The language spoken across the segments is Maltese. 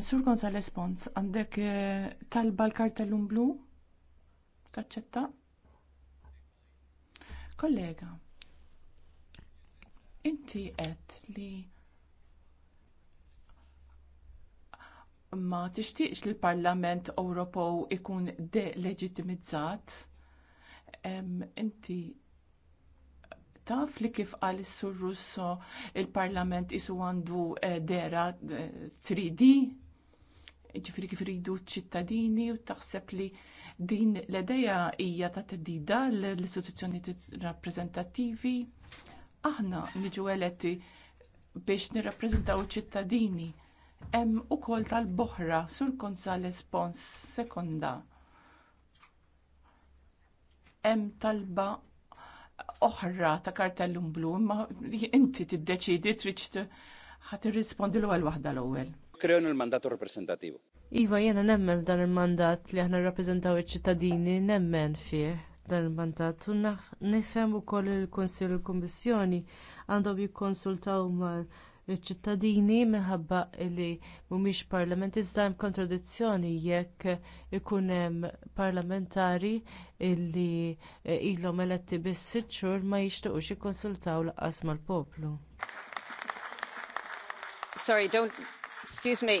Sur Gonzales Pons, għandek eh, talba l-kartellum blu? Taċċetta? Kollega, inti għed li ma tixtieqx li l-Parlament Ewropew ikun delegitimizzat? Inti taf li kif għal sur Russo il-Parlament isu għandu eh, dera 3D eh, ġifiri kif iridu ċittadini u taħseb li din l-edeja hija ta' teddida l-istituzzjoni rappreżentattivi. Aħna niġu eletti biex nirrappreżentaw ċittadini. Hemm ukoll tal-boħra sur Gonzales Pons sekonda. Hemm talba oħra ta' kartellum blu, imma inti tiddeċidi trid ħadd irrispondi l-ewwel waħda l-ewwel. Creo en el mandato representativo. Iva, jiena nemmen f'dan il-mandat li aħna rrappreżentaw iċ-ċittadini, nemmen fih dan il-mandat. U nifhem ukoll il-Kunsill u l-Kummissjoni għandhom jikkonsultaw mal-ċittadini minħabba li mhumiex parlament iżda hemm kontradizzjoni jekk ikun hemm parlamentari li ilhom eletti biss sitt xhur ma jixtiequx jikkonsultaw lanqas mal-poplu. Sorry, don't excuse me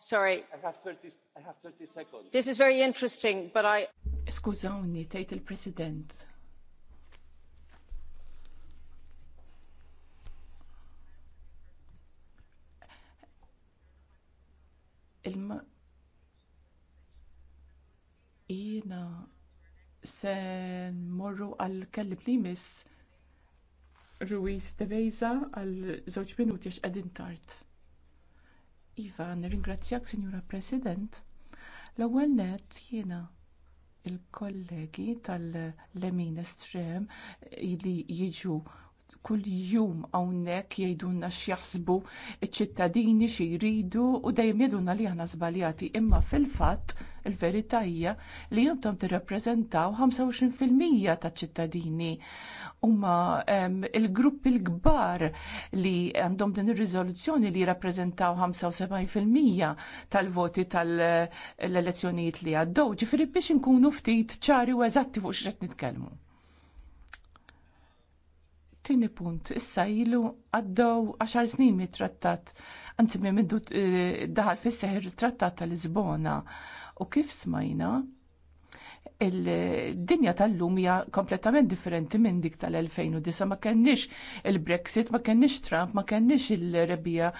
sorry. I have I have seconds. This is very interesting, but I... Skużawni, tgħid il-President. Ilma jiena se morru għal kellib li miss Ruiz Deveza għal żewġ minuti għax qegħdin tard. Iva, nirringrazzjak, Sinjura President. L-ewwel nett jiena il-kollegi tal-lemin estrem li jiġu kull jum għawnek jgħidunna x'jaħsbu ċittadini xi jridu u dejjem jgħidunna li aħna żbaljati imma fil-fatt il-verità hija li jintom tirrappreżentaw 25% ta' ċittadini huma il-grupp il-kbar li għandhom din ir-riżoluzzjoni li jirrappreżentaw 75% tal-voti tal-elezzjonijiet li għaddew, ġifieri biex inkunu ftit ċari u eżatti fuq x'qed nitkellmu. Tini punt, issa ilu għaddew 10 snin mit-trattat, anzi minn middu eh, daħal fis it trattat tal-Lisbona. U kif smajna, il-dinja tal-lum hija kompletament differenti minn dik tal-2009. Ma kenniex il-Brexit, ma kenniex Trump, ma kenniex il-rebija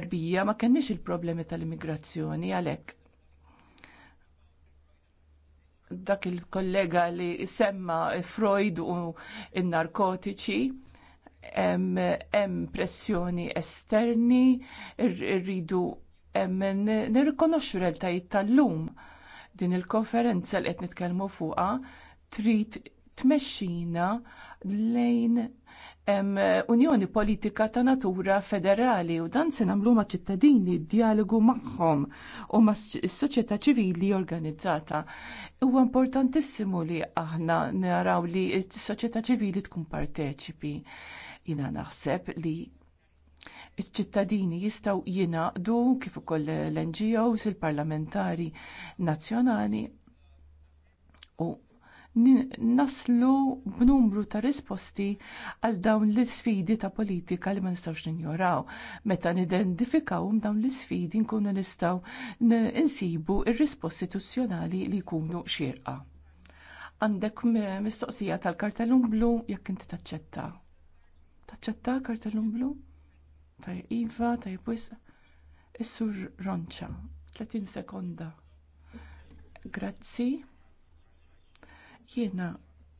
arbija, ma kenniex il-problemi tal-immigrazzjoni għalhekk. Dak il-kollega li semma Freud u n-narkotiċi hemm pressjoni esterni, rridu nirrikonoxxu realtajiet tal-lum. Din il-konferenza li qed nitkellmu fuqha trid tmexxina lejn unjoni politika ta' natura federali u dan se nagħmlu ma' ċittadini dialogu magħhom u ma' s-soċjetà ċivili organizzata. Huwa importantissimu li aħna naraw li s-soċjetà ċivili tkun parteċipi. Jina naħseb li Iċ-ċittadini jistaw jinaqdu kif ukoll l-NGOs, il-parlamentari nazzjonali u naslu b'numru ta' risposti għal dawn l isfidi ta' politika li ma nistawx ninjoraw. Meta nidentifikawhom dawn l isfidi nkunu nistaw insibu ir-risposti istituzzjonali li jkunu xierqa. Għandek mistoqsija tal-kartellum blu jekk inti taċċetta. Taċċetta kartellum blu? Tajb Iva, tajb wisq. Is-sur Ronċa, 30 sekonda. Grazzi. Jiena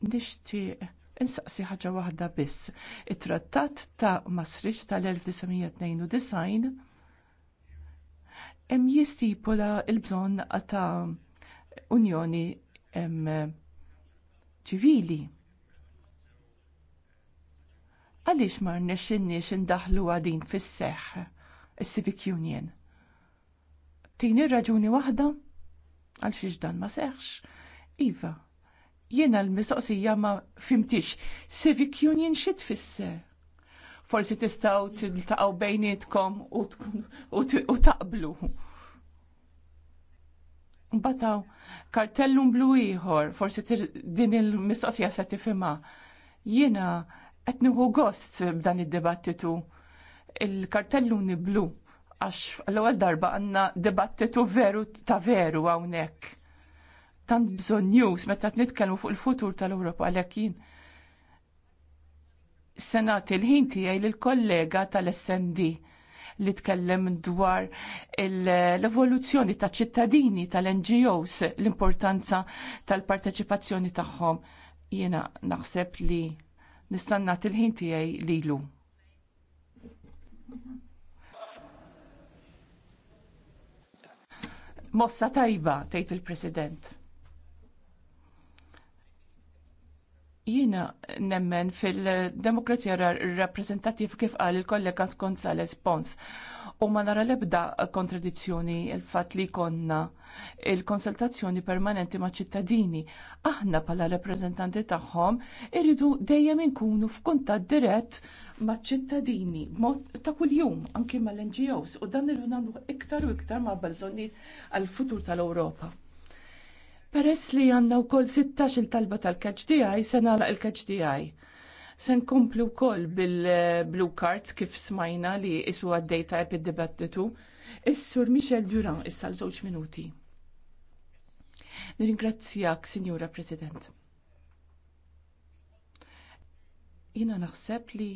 nixtieq insaqsi ħaġa waħda biss. It-trattat ta' Masriċ tal-1992 hemm jistipula l-bżonn ta' unjoni ċivili għaliex ma rnexxinniex indaħlu għadin fis-seħħ is-Civic Union. Tini raġuni waħda għal xiex dan ma seħx. Iva, jiena l-mistoqsija ma fimtix, Civic Union xi tfisser? Forsi tistgħu tiltaqgħu bejnietkom u taqblu. Bataw, kartellum blu ieħor, forsi din il-mistoqsija se tifhimha. Jiena etniħu gost b'dan id-debattitu. Il-kartelluni blu, għax l-ewwel darba għandna debattitu veru ta' veru hawnhekk. Tant bżonn news meta nitkellmu fuq il-futur tal-Ewropa għalhekk jien. Senat il-ħin tiegħi lill-kollega tal-SND li tkellem dwar l-evoluzzjoni ta' ċittadini tal-NGOs, l-importanza tal-parteċipazzjoni tagħhom. Jiena naħseb li nistannat il-ħin tiegħi lilu. Mossa tajba, tgħid il-President. Jiena nemmen fil-demokrazija rappresentativ kif qal il-kollega Gonzales Pons. U ma nara lebda kontradizzjoni il-fat li konna il-konsultazzjoni permanenti ma' ċittadini. Aħna pala rappresentanti tagħhom irridu dejjem inkunu f'kuntat dirett ma' ċittadini mod ta' kuljum anki mal-NGOs u dan irridu nagħmlu iktar u iktar ma' bżonni għal-futur tal-Ewropa. Peress li għanna u koll 16 talba tal-KHDI, se nalaq il-KHDI. Sen komplu koll bil-blue cards kif smajna li isu għaddejta ep id-dibattitu. Is-sur Michel Durand issa l-żewġ minuti. Nirringrazzjak, Signora President. Jina naħseb li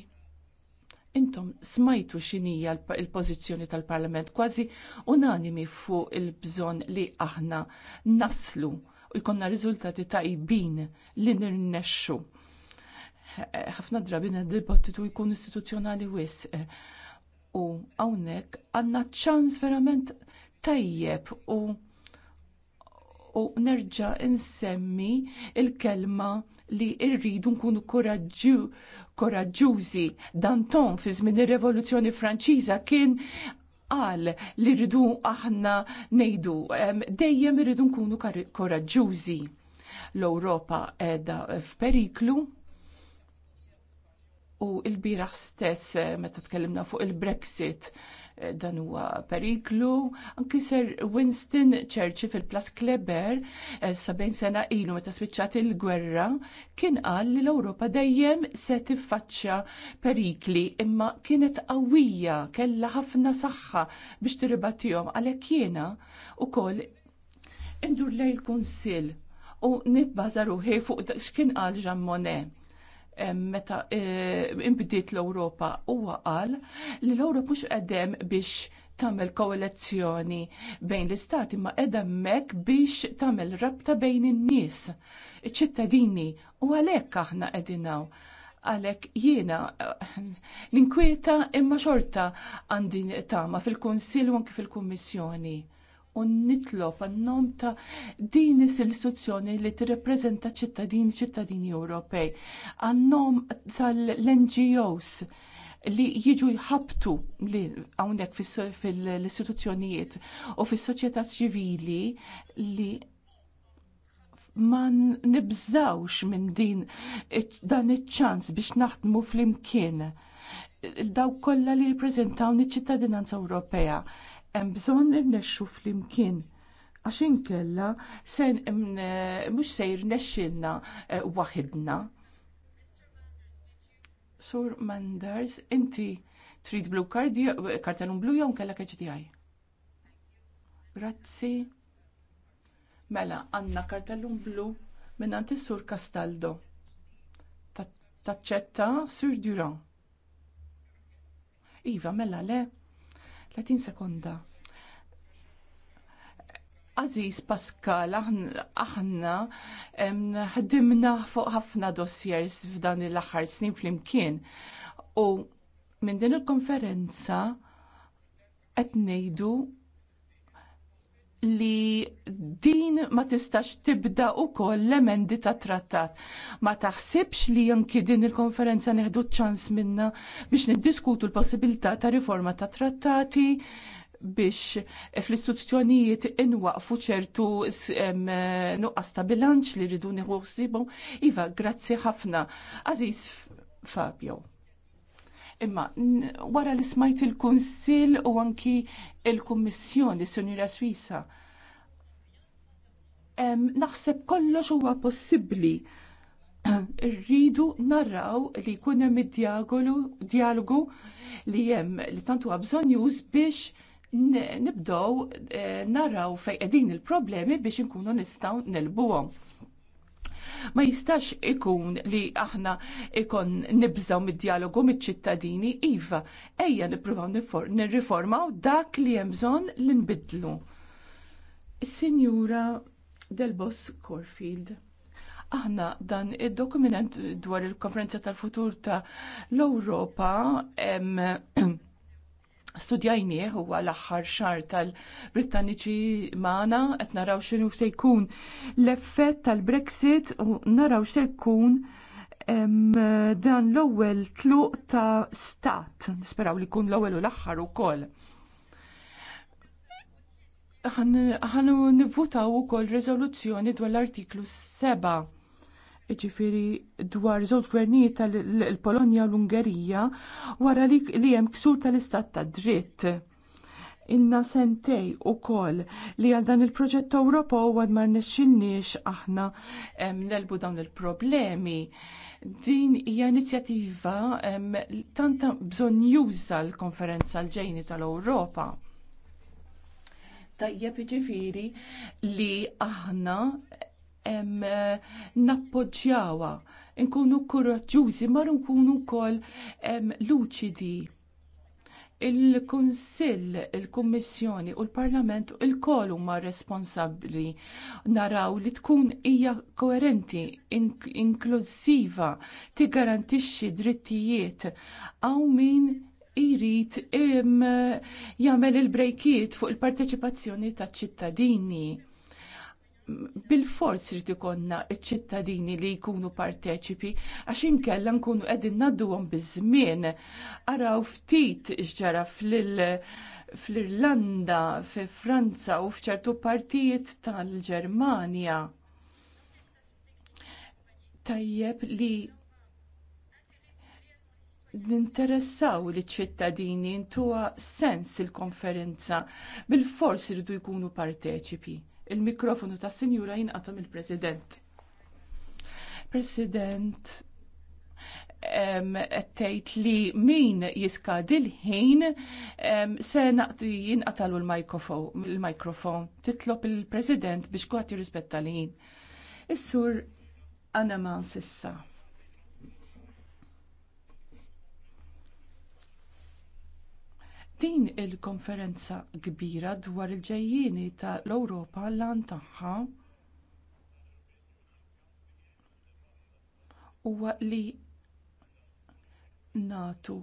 intom smajtu xinija il-pozizjoni tal-Parlament kważi unanimi fuq il-bżon li aħna naslu u jkollna riżultati tajbin li nirnexxu. Ħafna drabi dibattitu jkun istituzzjonali wisq u hawnhekk għandna ċans verament tajjeb u u nerġa insemmi il-kelma li rridu nkunu koraġġużi. Danton fi żmien ir rivoluzzjoni Franċiża kien qal li rridu aħna nejdu, dejjem rridu nkunu koraġġużi. L-Ewropa edha f'periklu u l bira stess eh, meta tkellimna fuq il-Brexit dan huwa periklu. Anki Sir Winston Churchill fil-Plas Kleber, 70 eh, sena ilu meta switchat il-gwerra, kien qal li l-Ewropa dejjem se tiffaċċja perikli imma kienet qawwija, kellha ħafna saħħa biex tiribatihom għalhekk jiena ukoll indur lej il-Kunsill u nibbażar ruħi fuq x'kien qal Jean Monnet meta e, imbidiet l-Ewropa huwa qal li l europa mhux għedem biex tagħmel koalizzjoni bejn l-istati ma qiegħda mek biex tagħmel rabta bejn in-nies, iċ-ċittadini u għalhekk aħna għedinaw. għalek jiena l-inkwieta imma xorta għandi tama fil-Konsil u anke fil-Kummissjoni u nitlob għannom ta' din is-istituzzjoni li tirrepreżenta ċittadini ċittadini Ewropej, għannom tal-NGOs li jiġu jħabtu li għawnek fil-istituzzjonijiet u fil-soċjetà ċivili li ma nibżawx minn din dan iċ-ċans biex naħdmu fl-imkien daw kollha li jippreżentaw niċ-ċittadinanza Ewropea hemm bżonn irnexxu flimkien għax inkella sen mhux se jirnexxilna eh, waħidna. Sur Manders, inti trid blu card, eh, kartelun blu jew nkella HDI. Grazzi. Mela, għandna kartelun blu minn għanti sur Castaldo. Taċċetta Sur Duran. Iva, mela le, 30 sekonda. Aziz Pascal, aħna ħdimna fuq ħafna dossiers f'dan l-aħħar snin flimkien. U minn din il-konferenza qed ngħidu li din ma tistax tibda u koll l-emendi ta' trattat. Ma taħsibx li jonki din il-konferenza neħdu ċans minna biex niddiskutu l-possibilità ta' riforma ta' trattati biex eh, fl-istituzzjonijiet inwaqfu ċertu eh, nuqqas ta' bilanċ li rridu nieħu Iva, grazzi ħafna. Aziz Fabio. Imma wara li smajt il-Kunsill u anki il-Kummissjoni Sunjura Swisa. Naħseb kollox huwa possibli rridu narraw li jkun hemm id-dialogu li hemm li tantu bżonn już biex nibdow eh, narraw fejn qegħdin il-problemi biex inkunu nistgħu nelbuhom. Ma jistax ikun li aħna ikon nibżaw mid-dialogu mid-ċittadini, iva, ejja nippruvaw nirriformaw dak li hemm bżonn nbidlu. is Del Boss Corfield aħna dan id-dokument dwar il-konferenza tal-futur ta' l-Europa studjajnieh huwa l-aħħar xar tal-Brittaniċi maħna, qed naraw xinu se jkun l-effett tal-Brexit u naraw se jkun dan l-ewwel tluq ta' stat. Nisperaw li jkun l-ewwel u l-aħħar koll. Ħannu nivvutaw ukoll riżoluzzjoni dwar l-artiklu 7 ġifiri dwar żewġ gvernijiet tal-Polonja u l-Ungerija wara li hemm ksur tal-istat ta' dritt. Inna sentej u kol li għal dan il-proġett u għad ma rnexxinniex aħna nelbu dawn il-problemi. Din hija inizjattiva tanta bżonn juża l-konferenza l-ġejni tal-Ewropa. Tajjeb ġifiri li aħna Eh, nappoġġjawa, nkunu kuraġġużi, mar nkunu wkoll luċidi il-Kunsill, il-Kummissjoni u l-Parlament il-kol huma responsabbli naraw li tkun hija koerenti, inklusiva, garantixxi drittijiet għaw min jrid jagħmel il-brejkiet fuq il-parteċipazzjoni taċ ċittadini bil-forz rrit ikonna ċ-ċittadini li jkunu parteċipi għax inkella nkunu qegħdin nadduhom biż-żmien araw ftit x'ġara fl-Irlanda, fi Franza u f'ċertu partijiet tal ġermania Tajjeb li ninteressaw li ċittadini intuwa sens il-konferenza bil-fors rridu jkunu parteċipi il-mikrofonu ta' sinjura jinqatom il-President. President, tgħid li min jiskadi l-ħin se naqti jinqatalu l-mikrofon. Titlob il-President biex kuħat jirrispetta l-ħin. Is-sur Anna Mansissa. Din il-konferenza kbira dwar il-ġejjini tal-Ewropa lan tagħha huwa li natu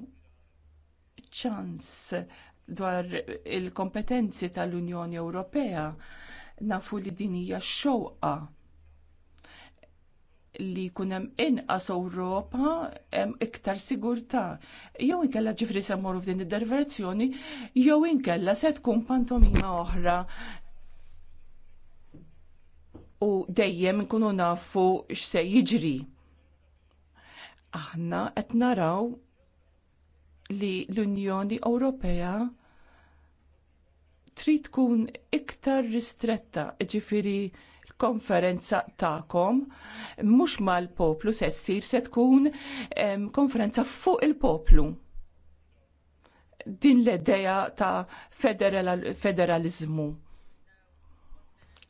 ċans dwar il-kompetenzi tal-Unjoni Ewropea nafu li din hija xewqa li kunem inqas Ewropa iktar sigurtà. Jew inkella ġifri se mmorru f'din id derverzjoni jew inkella se tkun pantomima oħra u dejjem nkunu nafu x'se jiġri. Aħna qed naraw li l-Unjoni Ewropea trid tkun iktar ristretta, ġifiri konferenza ta'kom mhux mal-poplu se ssir se tkun konferenza fuq il-poplu. Din l-idea ta' federal federalizmu.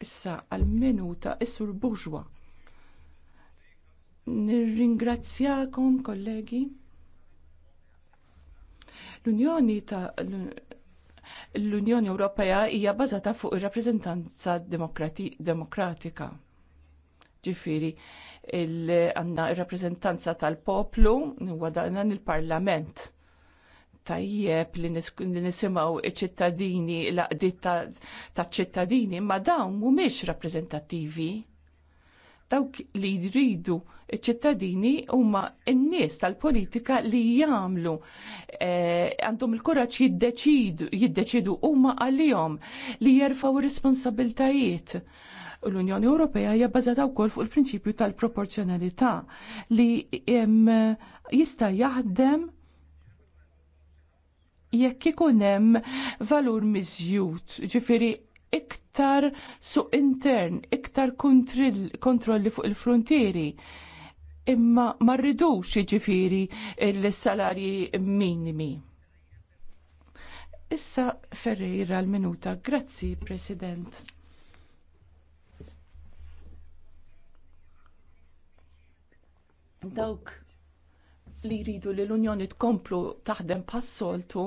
Issa għal-minuta is-sur buġwa. Nirringrazzjakom kollegi. L-Unjoni ta' l-Unjoni Ewropea hija bażata fuq ir-rappreżentanza demokratika. Ġifiri, għandna ir-rappreżentanza tal-poplu huwa dan il-Parlament. Tajjeb li nisimgħu iċ-ċittadini, l-aqdiet taċ-ċittadini, ma dawn mhumiex rappreżentattivi dawk li jridu ċittadini huma n-nies tal-politika li jagħmlu eh, għandhom il-kuraġġ jiddeċidu jiddeċidu huma għalihom li jerfgħu responsabiltajiet. L-Unjoni Ewropea hija bbażata wkoll fuq il-prinċipju tal-proporzjonalità li jista' jaħdem jekk ikun hemm valur miżjud, ġifieri iktar suq intern, iktar kontrolli fuq il-frontieri. Imma ma rridux jiġifieri l-salarji minimi. Issa Ferreira l-minuta. Grazzi, President. Dawk li jridu li l-Unjoni tkomplu taħdem pas-soltu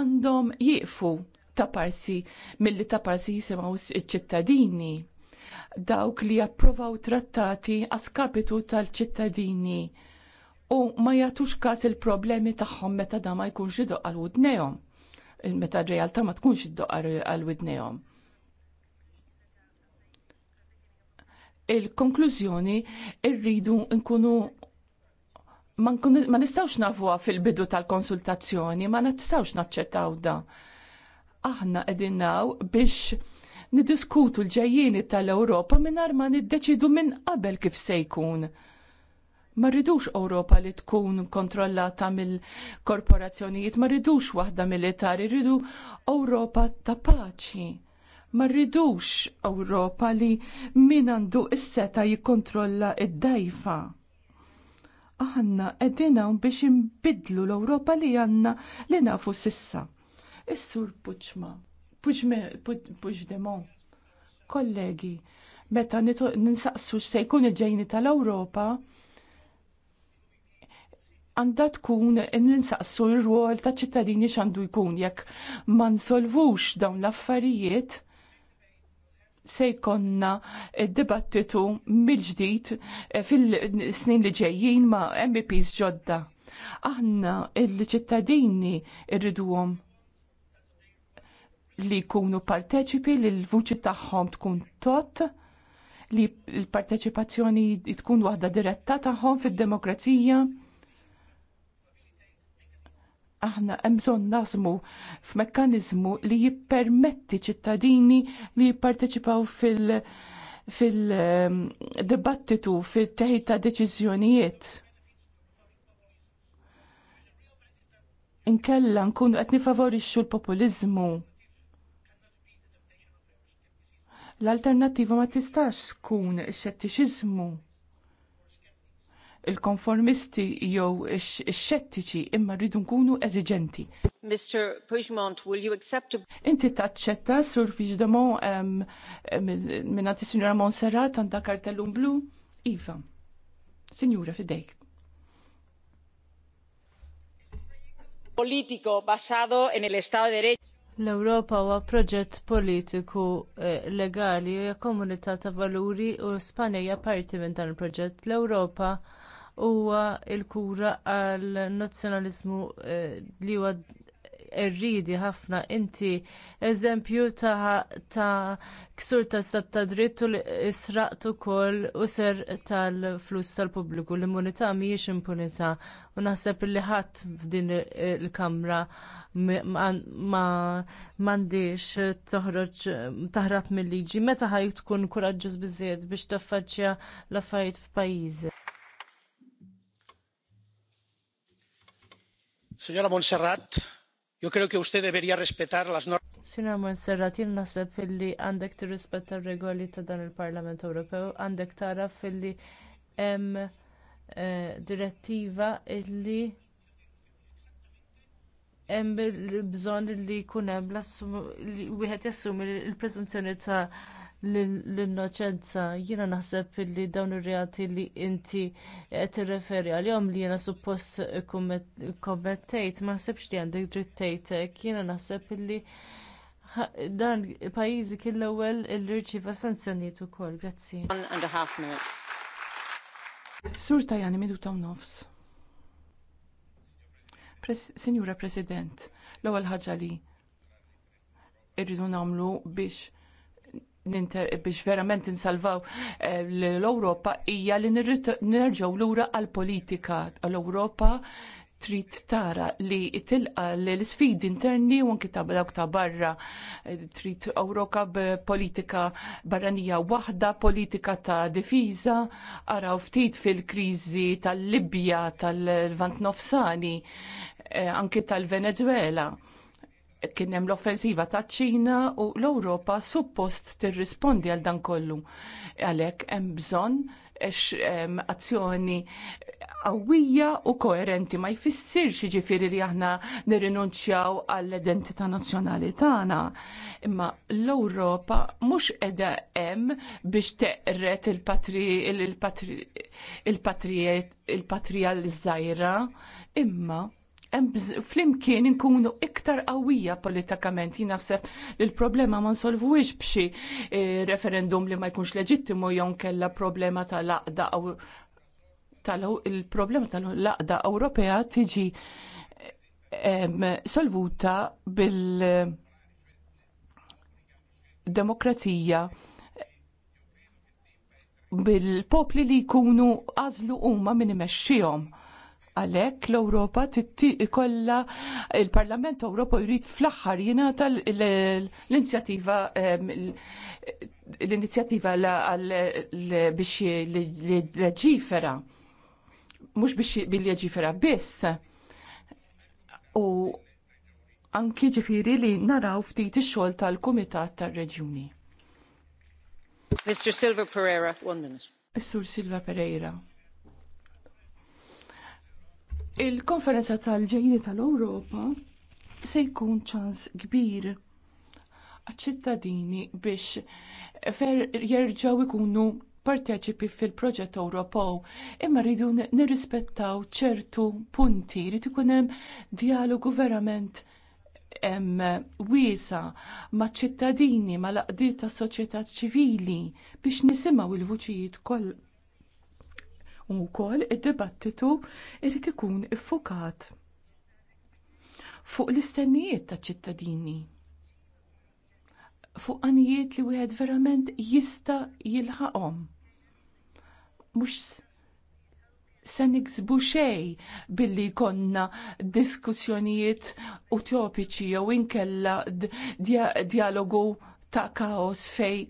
għandhom jieqfu ta' parsi milli ta' parsi jisimaw ċittadini dawk li japprovaw trattati għaskapitu tal-ċittadini u ma jagħtux każ il-problemi tagħhom meta da ma jkunx idoq għal widnejhom meta r-realtà ma tkunx iddoq għal widnejhom. Il-konklużjoni rridu nkunu ma nistawx nafuha fil-bidu tal-konsultazzjoni, ma nistawx naċċettaw da aħna naw biex nidiskutu l-ġejjini tal-Ewropa mingħajr ma niddeċidu minn qabel kif se jkun. Ma rridux Ewropa li tkun kontrollata mill-korporazzjonijiet, ma rridux waħda militari, rridu Ewropa ta' paċi. Ma rridux Ewropa li min għandu is-seta jikkontrolla id-dajfa aħna qegħdin hawn biex inbidlu l ewropa li għandna li nafu sissa. Is-sur Puċma, Puċdemon, kollegi, meta ninsaqsu x'se jkun il-ġejni tal-Ewropa, għandha tkun ninsaqsu r-rwol ta' ċittadini x'għandu jkun jekk ma nsolvux dawn l-affarijiet se jkonna dibattitu mill-ġdid eh, fil-snin li ġejjin ma' MPs ġodda. Aħna il-ċittadini rriduhom li jkunu parteċipi li l-vuċi tagħhom tkun tot li l-parteċipazzjoni tkun waħda diretta tagħhom fid-demokrazija. Aħna hemm bżonn f f'mekkaniżmu li jippermetti ċittadini li jipparteċipaw fil- fil-dibattitu, fil-teħid ta' deċiżjonijiet. Inkella nkunu qed nifavorixxu l-populiżmu L-alternattiva ma tistax tkun xettiċiżmu il-konformisti jew ix-xettiċi imma rridu nkunu eżiġenti. Mr. Pujmont, will you accept Inti taċċetta sur Puigdemont minna minnati signora Monserrat għanda kartellum blu? Iva. Sinjura fidejk. Politico basado en el Estado de Derecho L-Ewropa huwa proġett politiku eh, legali u hija komunità ta' valuri u Spanja hija parti minn dan il-proġett. L-Ewropa huwa l-kura għal nazzjonaliżmu eh, li huwa rridi ħafna inti eżempju ta', ksur ta' stat ta' dritt u israqtu kol u ser tal-flus tal-pubbliku. L-immunità mhijiex impunità u naħseb li ħadd f'din il-kamra m'għandix toħroġ taħrab mill-liġi meta ħaj tkun kuraġġuż biżżejjed biex taffaċċja l-affarijiet f'pajjiżi. Signora Monserrat, Yo creo que usted debería respetar las normas. Sina Monserrat, jien naħseb illi għandek tirrispetta r-regoli ta' dan il-Parlament Ewropew, għandek tara filli hemm Eh, direttiva illi hemm bżonn li jkun hemm li wieħed jassumi l-preżunzjoni ta' l-innoċenza jiena naħseb li dawn ir-reati li inti qed tirreferi għalihom li jiena suppost kommettejt ma naħsebx li għandek dritt hekk jiena naħseb li dan pajjiżi kien l-ewwel li rċieva sanzjonijiet ukoll. Grazzi. Sur Tajani, minuta u nofs. Signora President, l-ewwel ħaġa li irridu nagħmlu biex ninter biex verament insalvaw eh, l-Ewropa hija li nerġgħu lura għall politika l-Ewropa trid tara li tilqa l-sfidi interni u anki ta' dawk ta' barra eh, trid Ewropa b'politika barranija waħda, politika ta' difiża, araw ftit fil-kriżi tal-Libja, tal-Vant Nofsani, eh, anki tal-Venezuela kien hemm l-offensiva taċ ċina u l-Ewropa suppost tirrispondi għal dan kollu. Għalhekk hemm bżonn azzjoni qawwija u koerenti ma jfissirx jiġifieri li aħna nirrinunċjaw għall-identità nazzjonali tagħna. Imma l-Ewropa mhux qiegħda hemm biex teqret il patri il-patrija l-żgħira, imma flimkien inkunu iktar qawwija politikament jinaħseb li l-problema ma nsolvuwix b'xi eh, referendum li ma jkunx leġittimu jew kella problema tal-aqda il-problema tal-laqda Ewropea tiġi solvuta bil-demokrazija bil-popli li jkunu għażlu huma min imexxihom Għalhekk l-Ewropa ikollha il-Parlament Ewropa jrid fl-aħħar jingħata l-inizjattiva l-inizjattiva biex l-ġifera mhux biex bil-ġifera biss. U anki ġifiri li naraw ftit ix-xogħol tal-Kumitat tar-Reġjuni. Mr. Silva Pereira, one minute. Mr. sur Silva Pereira. Il-konferenza tal-ġejni tal-Ewropa se jkun ċans kbir għaċ-ċittadini biex fer jerġaw ikunu parteċipi fil-proġett Ewropew, imma rridu nirrispettaw ċertu punti, rridu ikun hemm dialogu verament wiesa maċ ċittadini, mal-laqdiet tas soċjetà ċivili biex nisimgħu il-vuċijiet kollha u kol id-dibattitu irrit ikun iffukat fuq l-istennijiet ta' ċittadini fuq anijiet li wieħed verament jista jilħaqhom. Mhux se niksbu xej billi konna diskussjonijiet utopiċi jew inkella dialogu ta' kaos fej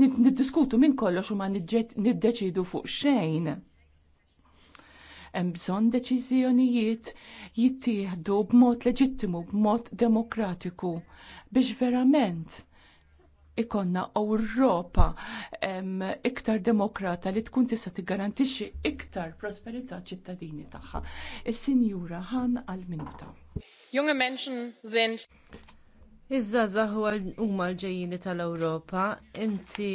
niddiskutu minn kollox u ma niddeċidu fuq xejn hemm bżonn deċiżjonijiet jittieħdu b'mod leġittimu, b'mod demokratiku biex verament ikonna Ewropa iktar demokrata li tkun tista' tiggarantixxi iktar prosperità ċittadini tagħha. Is-Sinjura Han għal minuta. Junge Menschen sind Iż-żgħażagħ huma l-ġejjini tal-Ewropa, inti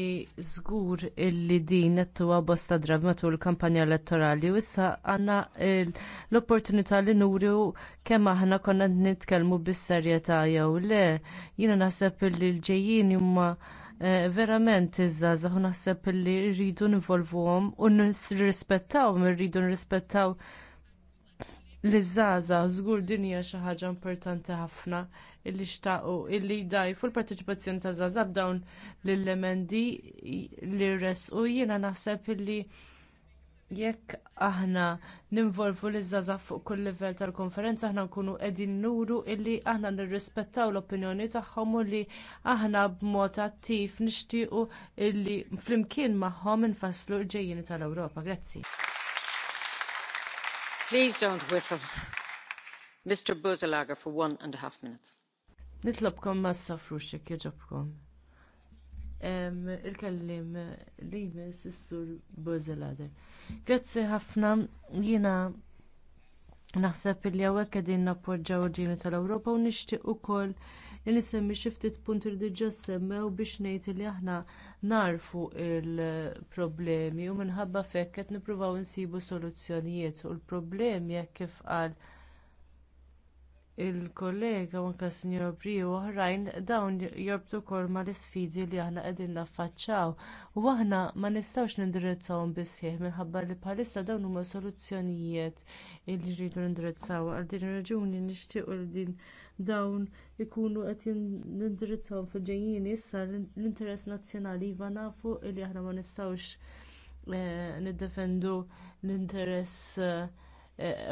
żgur illi din nettuwa bosta drabi matul il-kampanja elettorali u issa għandna l-opportunità li nuru kemm aħna konna nitkellmu bis-serjetà jew le. Jiena naħseb illi l-ġejjini huma eh, verament iż-żgħażagħ u naħseb illi rridu nivolvuhom u nirrispettawhom, irridu nirrispettaw l-żgħażagħ żgur din hija xi ħaġa importanti ħafna illi xtaqu illi dajfu l-parteċipazzjoni ta' zazab dawn l-elementi li resqu jiena naħseb illi jekk aħna ninvolvu l żazaf fuq kull livell tal-konferenza aħna nkunu qegħdin nuru illi aħna nirrispettaw l-opinjoni tagħhom u li aħna b'mod attiv nixtiequ illi flimkien magħhom infasslu l-ġejjini tal-Ewropa. Grazzi. Please don't whistle. Mr. Buzelager for one and a half minutes. Nitlobkom ma s-safrux jek jġobkom. Il-kellim li jmiss s-sur Bozelader. Grazzi ħafna jina naħseb li għawek għedin nappoġġaw uġini tal europa u nixtieq ukoll li nisemmi xi ftit punt li diġà semmew biex ngħid li aħna narfu l problemi u minħabba fekket qed nippruvaw insibu soluzzjonijiet u l-problemi jekk kif għal il-kollega u anke s Briju oħrajn dawn jorbtu wkoll mal-isfidi li aħna qegħdin naffaċċjaw u aħna ma nistgħux nindirizzawhom bisħieħ minħabba li bħalissa dawn huma soluzzjonijiet li rridu nindirizzaw għal din ir-raġuni nixtiequ li din dawn ikunu qed nindirizzawhom fil-ġejjin issa l-interess nazzjonali iva nafu li aħna ma nistgħux eh, niddefendu l-interess eh,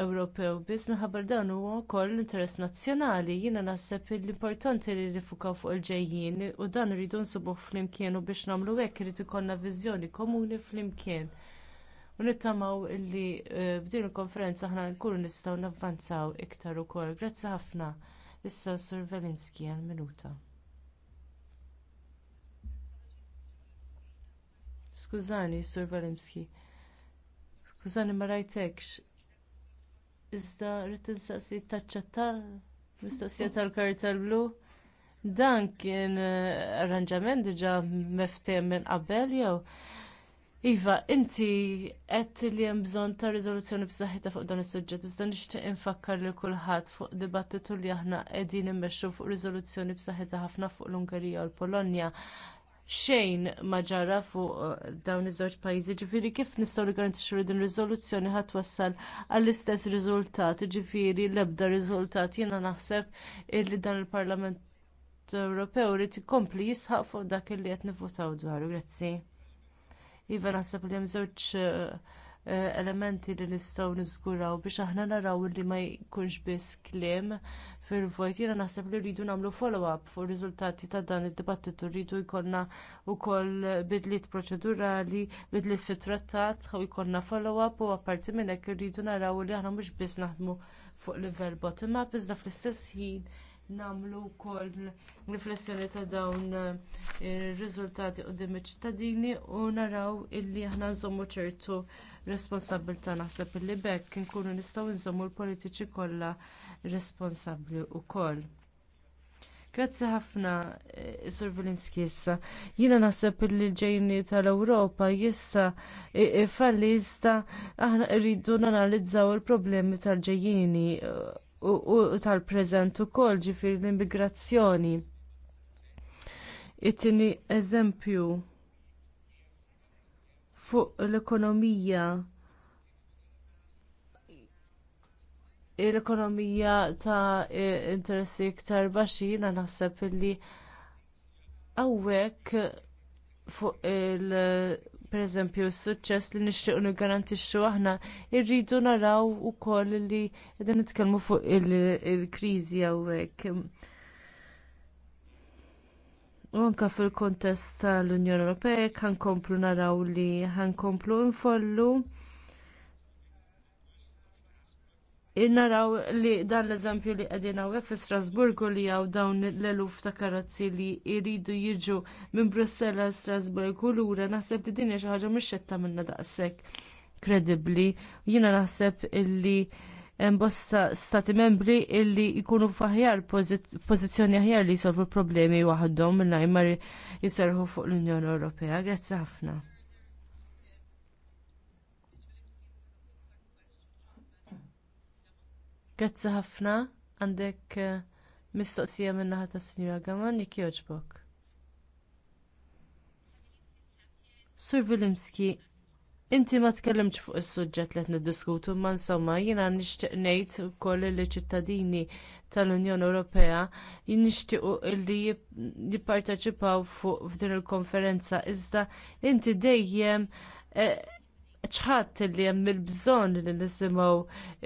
Ewropew biss minħabba dan huwa wkoll l-interess nazzjonali. Jiena naħseb l-importanti li nifukaw fuq il-ġejjin u dan rridu nsubuh flimkien u biex nagħmlu hekk irid ikollna viżjoni komuni flimkien. U nittamaw li eh, b'din il-konferenza aħna nkunu nistgħu navvanzaw iktar ukoll. Grazzi ħafna. Issa Sur Velinski għal minuta. Skużani, Sur Velinski. Skużani ma rajtekx Iżda rrid insaqsi taċċetta mistoqsija tal-kartel blu. Dan kien eh, arranġament diġà meftem minn qabel jew. Iva, inti qed li hemm bżonn ta' riżoluzzjoni b'saħħitha fuq dan is-suġġett, iżda nixtieq infakkar lil kulħadd fuq dibattitu li aħna qegħdin immexxu fuq riżoluzzjoni b'saħħitha ħafna fuq l-Ungerija u l-Polonja xejn ma ġara fuq eh, dawn iż-żewġ pajjiżi. Ġifieri kif nistgħu nigarantixxu li din riżoluzzjoni ħadd wassal għall-istess riżultat, ġifieri l-ebda riżultat jiena naħseb li dan il-Parlament Ewropew irid ikompli jisħaq fuq dak li qed nivvutaw dwaru. Grazzi. Iva naħseb li hemm żewġ eh, Eh, elementi li nistgħu niżguraw biex aħna naraw li ma jkunx biss kliem fil-vojt jiena naħseb li rridu nagħmlu follow-up fuq riżultati ta' dan id-dibattitu rridu jkollna wkoll bidliet proċedurali, bidliet fit-trattat, u jkollna follow-up u apparti minn hekk irridu naraw li aħna mhux biss naħdmu fuq livell bottom up iżda fl-istess ħin nagħmlu wkoll riflessjoni ta' dawn eh, ir-riżultati quddiem iċ-ċittadini u naraw illi aħna nżommu ċertu responsabilità naħseb li bekk inkunu nistgħu nżommu l-politiċi kollha responsabbli wkoll. Grazzi ħafna, eh, Sir Vilinski Jina naħseb li l-ġejni tal-Ewropa jissa falli jista aħna rridu nanalizzaw il-problemi tal-ġejjini eh, u tal-preżent ukoll ġifier l-immigrazzjoni. It-tieni eżempju fuq l-ekonomija l-ekonomija ta' interessi iktar jina naħseb illi hawnhekk fuq il- pereżempju s-suċċess li nixtieq niggarantixxu aħna irridu naraw ukoll li qegħdin nitkellmu fuq il-kriżi hawnhekk U anke fil-kontest tal-Unjoni Ewropea komplu naraw li komplu nfollu Naraw li dan l-eżempju li qegħdin hawnhekk fi Strasburgu li hawn dawn l-eluf ta' karozzi li jridu jiġu minn Brussella Strasburgu lura naħseb li din hija xi ħaġa mhix qed tagħmilna daqshekk kredibbli. Jiena naħseb illi hemm stati membri illi jkunu f'aħjar pożizzjoni aħjar li jsolvu problemi waħedhom minn imma jiserħu fuq l-Unjoni Ewropea. Grazzi ħafna. Grazzi ħafna għandek eh, mistoqsija min-naħa tas-Sinjura Gaman jekk jogħġbok. Sur Vilimski, Inti ma tkellimx fuq is-suġġett li qed niddiskutu, imma insomma jiena nixtieq ngħid ukoll li ċittadini tal-Unjoni Ewropea nixtiequ li jipparteċipaw fuq f'din il-konferenza iżda inti dejjem eh, ċħat li hemm il-bżonn li nisimgħu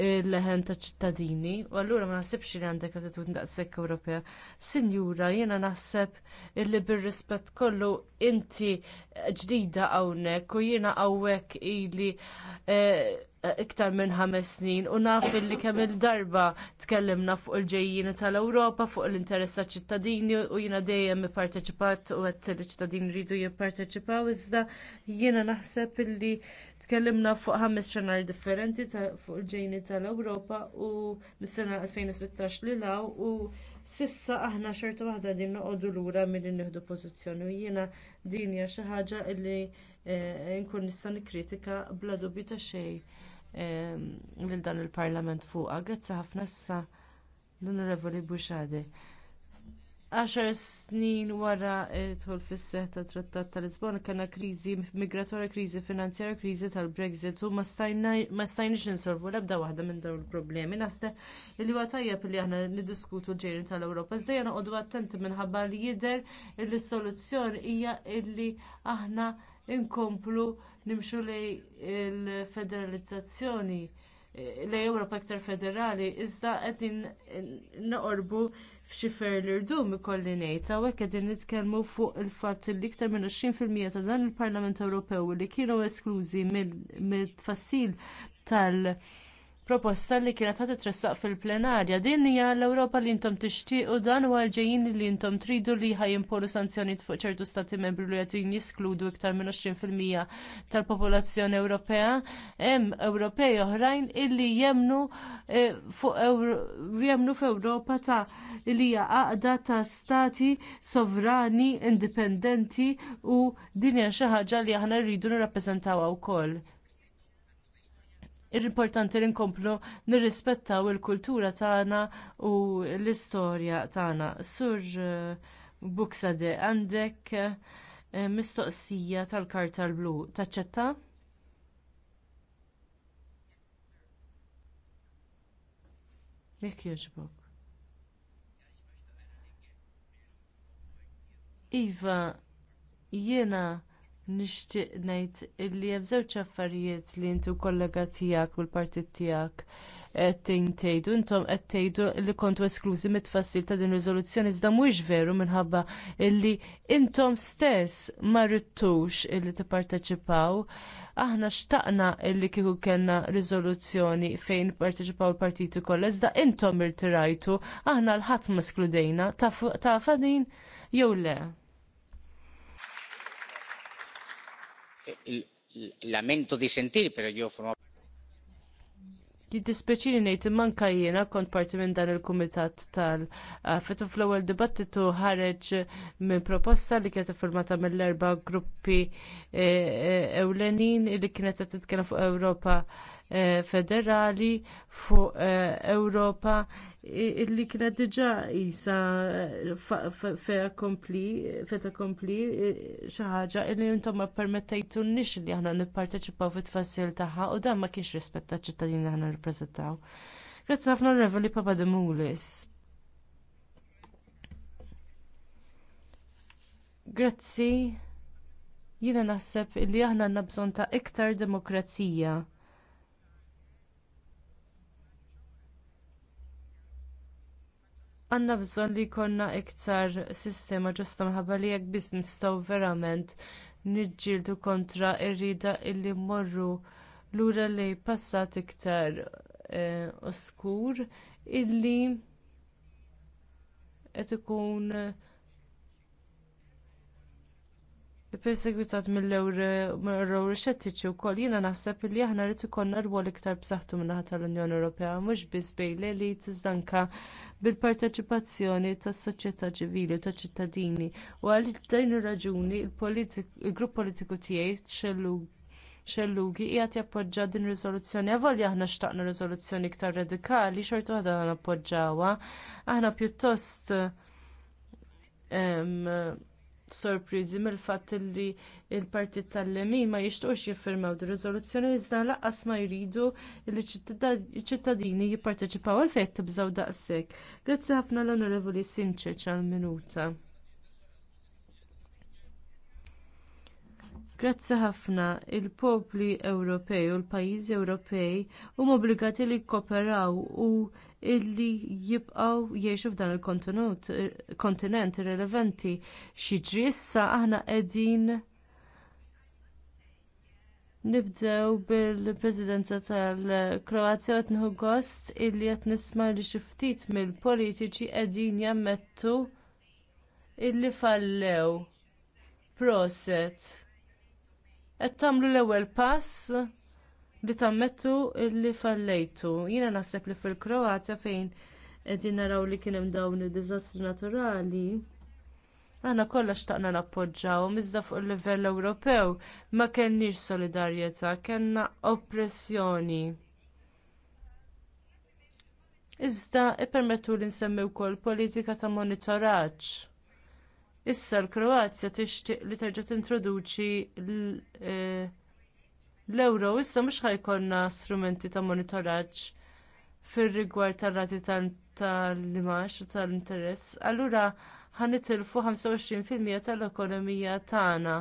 l-leħen ta' ċittadini, u allura ma naħsibx li għandek attitudni daqshekk Ewropea. Sinjura, jiena naħseb illi bir-rispett kollu inti ġdida hawnhekk u jiena hawnhekk ili eh, iktar minn ħames snin u naf li kemm il-darba tkellimna fuq il-ġejjini tal-Ewropa, fuq l-interess taċ ċittadini u jiena dejjem ipparteċipat u għedt li ċittadini rridu jipparteċipaw iżda jiena naħseb illi Tkellimna fuq ħames xenar differenti fuq il-ġejni tal-Ewropa u mis-sena 2016 li law u sissa aħna xorta waħda din noqogħdu lura milli nieħdu pożizzjoni u jiena din hija xi ħaġa li eh, nkun nista' nikkritika bla dubju ta' xejn eh, lil dan il-Parlament fuqha. Grazzi ħafna issa l-Onorevoli Buxade għaxar snin wara dħul fis seħħ tat trattat ta' Lisbona kellna kriżi migratorja, kriżi finanzjarja, kriżi tal-Brexit u ma stajniex insolvu l-ebda waħda minn dawn il-problemi. Naħseb li huwa tajjeb li aħna niddiskutu l-ġejjin tal-Ewropa. Iżda jana qogħdu attenti minħabba li jidher li s-soluzzjoni hija li aħna nkomplu nimxu lejn il-federalizzazzjoni lejn Ewropa iktar federali, iżda qed noqorbu f'xifer l-irdum ikolli ngħid hawnhekk qegħdin nitkellmu fuq il-fatt li iktar minn 20% ta' dan il-Parlament Ewropew li kienu esklużi mill-tfassil tal- proposta li kienet ħat tressaq fil-plenarja. Din hija l-Ewropa li intom tixtiequ dan huwa l-ġejjin li intom tridu li ħajimporu sanzjonijiet fuq ċertu stati membri li qed jiskludu iktar minn 20% tal-popolazzjoni Ewropea. Hemm Ewropej oħrajn illi jemnu eh, fuq jemnu f'Ewropa ta' li hija għaqda ta' stati sovrani, indipendenti u din hija xi ħaġa li aħna rridu nirrappreżentaw wkoll. Importanti li nkomplu nirrispettaw il-kultura tagħna u l-istorja tagħna. Sur eh, Buksade, għandek eh, mistoqsija tal-karta l-blu. Taċċetta? Jekk jogħġbok. Iva, jiena nixtieq ngħid illi hemm żewġ affarijiet li inti kollega tiegħek u l-partit tiegħek qed tgħidu intom qed tgħidu li kontu esklużi mit-tfassil ta' din riżoluzzjoni iżda mhuwiex veru minħabba illi intom stess ma rridtux illi tipparteċipaw. Aħna xtaqna illi kieku kellna riżoluzzjoni fejn parteċipaw l-partiti kollha iżda intom irtirajtu aħna l-ħadd ma skludejna ta' din jew le. lamento di sentir, pero io formo. Jiddispeċini ngħid nejt manka jiena kont parti minn dan il-kumitat tal fetu fl-ewwel dibattitu ħareġ minn proposta li kienet iffurmata mill-erba' gruppi e, e, ewlenin li kienet qed titkellem fuq Ewropa Eh, federali fuq eh, Ewropa illi kienet diġà isa eh, feta kompli xi ħaġa illi intom ma permettajtunniex li aħna nipparteċipaw fit-tfassil tagħha u dan ma kienx rispett ċittadini aħna nirrappreżentaw. Grazzi ħafna Reveli Papademoulis. Grazzi. Jiena naħseb li aħna għandna bżonn ta' iktar demokrazija għanna bżonn li jkollna iktar sistema ġusta minħabba li jekk biss nistgħu verament niġġieldu kontra rrieda illi mmorru lura li passat iktar e, oskur illi qed ikun perseguitat mill-ewro xettiċi wkoll jiena naħseb li aħna rrid ikollna rwol iktar b'saħħtu minn naħa tal-Unjoni Ewropea mhux biss bejle li tiżdanka bil-parteċipazzjoni tas-soċjetà ċivili u taċ-ċittadini. U għal din ir-raġuni il-grupp politiku tiegħi xellugi qiegħed jappoġġja din riżoluzzjoni. Avolja aħna xtaqna riżoluzzjoni iktar radikali xorta waħda nappoġġawha. Aħna pjuttost sorpriżi mill-fatt li l partit tal-Lemin ma jixtuqx jiffirmaw di riżoluzzjoni iżda lanqas ma jridu li ċittadini jipparteċipaw għal fejn tibżgħu daqshekk. Grazzi ħafna l-Onorevoli Sinċeċ għal-minuta. Grazzi ħafna il-popli Ewropej u l-pajjiżi Ewropej huma obbligati li jkoperaw u illi jibqgħu jgħixu f'dan il-kontinent kontinent irrelevanti xiġri issa aħna qegħdin nibdew bil-Presidenza tal-Kroazja qed nieħu gost illi qed nisma' li xi ftit mill-politiċi qegħdin jammettu illi fallew. Proset. Qed tagħmlu l-ewwel pass li tammettu li fallejtu. Jiena naħseb li fil-Kroazja fejn qegħdin naraw li kien hemm dawn id-diżastri naturali. Aħna kollha xtaqna nappoġġaw iżda fuq il-livell Ewropew ma kenniex solidarjetà, kellna oppressjoni. Iżda ippermettu li nsemmi wkoll politika ta' monitoraġġ. Issa l-Kroazja tixtieq li terġa' tintroduċi l- eh, l-euro issa mhux ħajkonna strumenti ta' monitoraġġ fir-rigward tar-rati tal limax u tal-interess, allura ħanitilfu 25% tal-ekonomija tagħna.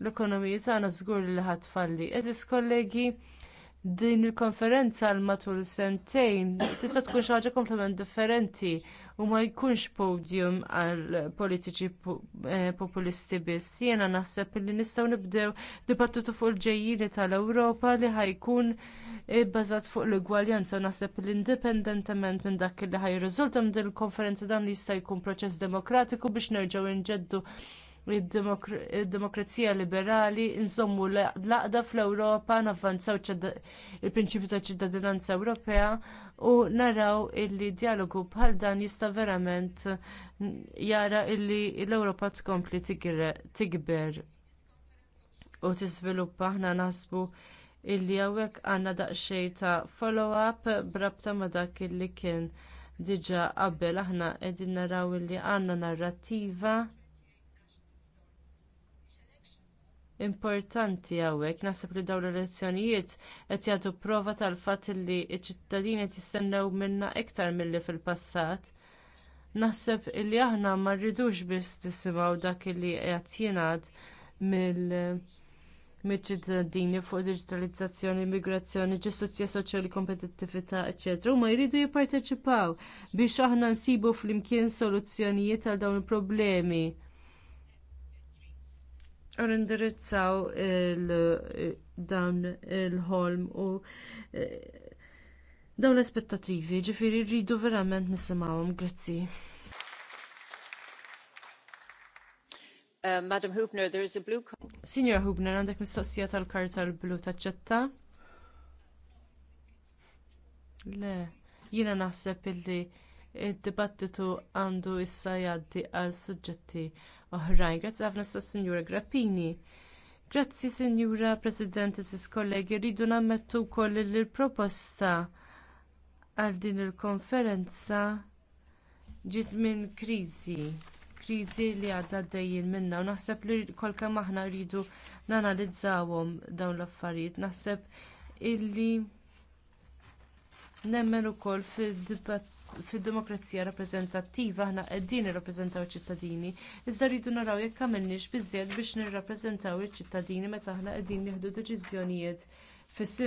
L-ekonomija tagħna żgur li ħadd falli. Eżis kollegi, din il-konferenza għal matul sentejn tista' tkun xi ħaġa komplement differenti u ma jkunx podium għal politiċi eh, populisti biss. Jiena naħseb li nistgħu nibdew dibattitu fuq il-ġejjini tal-Ewropa li ħajkun eh, bbażat fuq l-igwaljanza u naħseb li indipendentement minn dak li ħaj riżulta minn il-konferenza dan li jista' jkun proċess demokratiku biex nerġgħu nġeddu id-demokrazija liberali, insommu l-laqda fl-Ewropa, navvanzaw il-prinċipju ta' ċittadinanza Ewropea u naraw illi dialogu bħal dan jista' verament jara illi l-Ewropa tkompli tikber u tiżviluppa aħna naħsbu illi hawnhekk għandna daqsxejn ta' follow-up brabta ma' dak illi kien diġà qabel aħna qegħdin naraw illi għandna narrattiva importanti hawnhekk naħseb li dawn l-elezzjonijiet qed jagħtu prova tal-fatt li ċ-ċittadini qed jistennew minna iktar milli fil-passat. Naħseb li aħna ma rridux biss nisimgħu dak li qed jingħad mill mill-ċittadini fuq digitalizzazzjoni, immigrazzjoni, ġustizzja soċjali, kompetittività, ecc. Huma jridu jipparteċipaw biex aħna nsibu flimkien soluzzjonijiet għal dawn il-problemi. Rindirizzaw dawn il-ħolm u eh, dawn l-aspettativi, ġifiri rridu verament nisimawhom, grazzi. Uh, Madam Hubner, there is a blue card. Signor Hubner, għandek mistoqsija tal-karta l-blu taċċetta? Le, jiena naħseb illi id-dibattitu għandu issa jgħaddi għal suġġetti oħrajn. Grazzi ħafna sa' Sinjura Grappini. Grazzi Sinjura President, sis kollegi, rridu nammettu wkoll li l-proposta għal din il-konferenza ġiet minn kriżi kriżi li għadna għaddejjin minnha u naħseb li kolka maħna rridu nanalizzawhom dawn l-affarijiet. Naħseb illi nemmen ukoll fid-dibat fid-demokrazija rappreżentattiva aħna qegħdin nirrappreżentaw iċ-ċittadini, iżda rridu naraw jekk għamilniex biżżejjed biex nirrappreżentaw iċ-ċittadini meta aħna qegħdin nieħdu deċiżjonijiet fis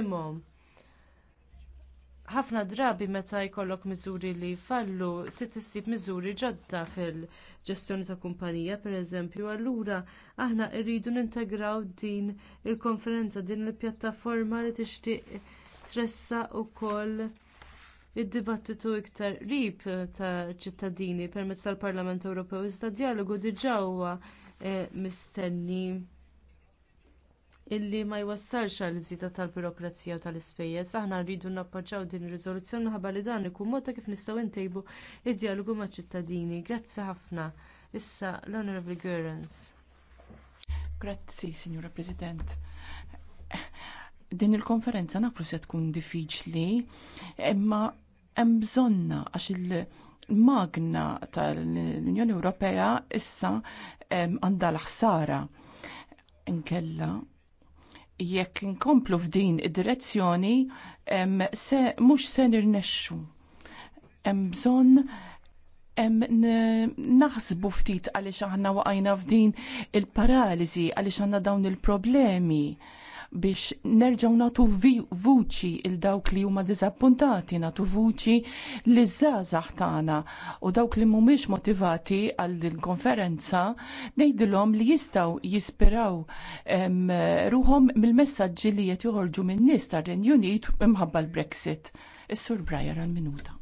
Ħafna drabi meta jkollok miżuri li fallu, trid issib miżuri ġodda fil-ġestjoni ta' kumpanija, pereżempju, allura aħna rridu nintegraw din il-konferenza, din il-pjattaforma li tixtieq tressa wkoll id-dibattitu iktar qrib eh, ta' ċittadini permezz tal-Parlament Ewropew iżda dialogu diġà huwa eh, mistenni illi ma jwassalx għal iżjita tal-birokrazija u tal-ispejjeż, aħna rridu nappoġġjaw din ir-riżoluzzjoni minħabba li dan ikun mod ta' kif nistgħu ntejbu id-dialogu maċ ċittadini. Grazzi ħafna. Issa l-Honorable Gurens. Grazzi, Signora President. Din il-konferenza nafru se tkun diffiċli, imma hemm bżonna għax il-magna tal-Unjoni Ewropea issa għandha l-ħsara. Inkella jekk inkomplu f'din id-direzzjoni se mhux se nirnexxu. Hemm bżonn naħsbu ftit għaliex aħna waqajna f'din il-paraliżi għaliex għandna dawn il-problemi. il problemi biex nerġaw natu vuċi il dawk li huma diżappuntati, natu vuċi li żgħażagħ tagħna u dawk li mhumiex motivati għal din konferenza ngħidilhom li jistgħu jispiraw ruhom mill-messaġġi li qed joħorġu min-nies tar-Renju Unit imħabba l-Brexit. Is-Sur Breyer għal-minuta.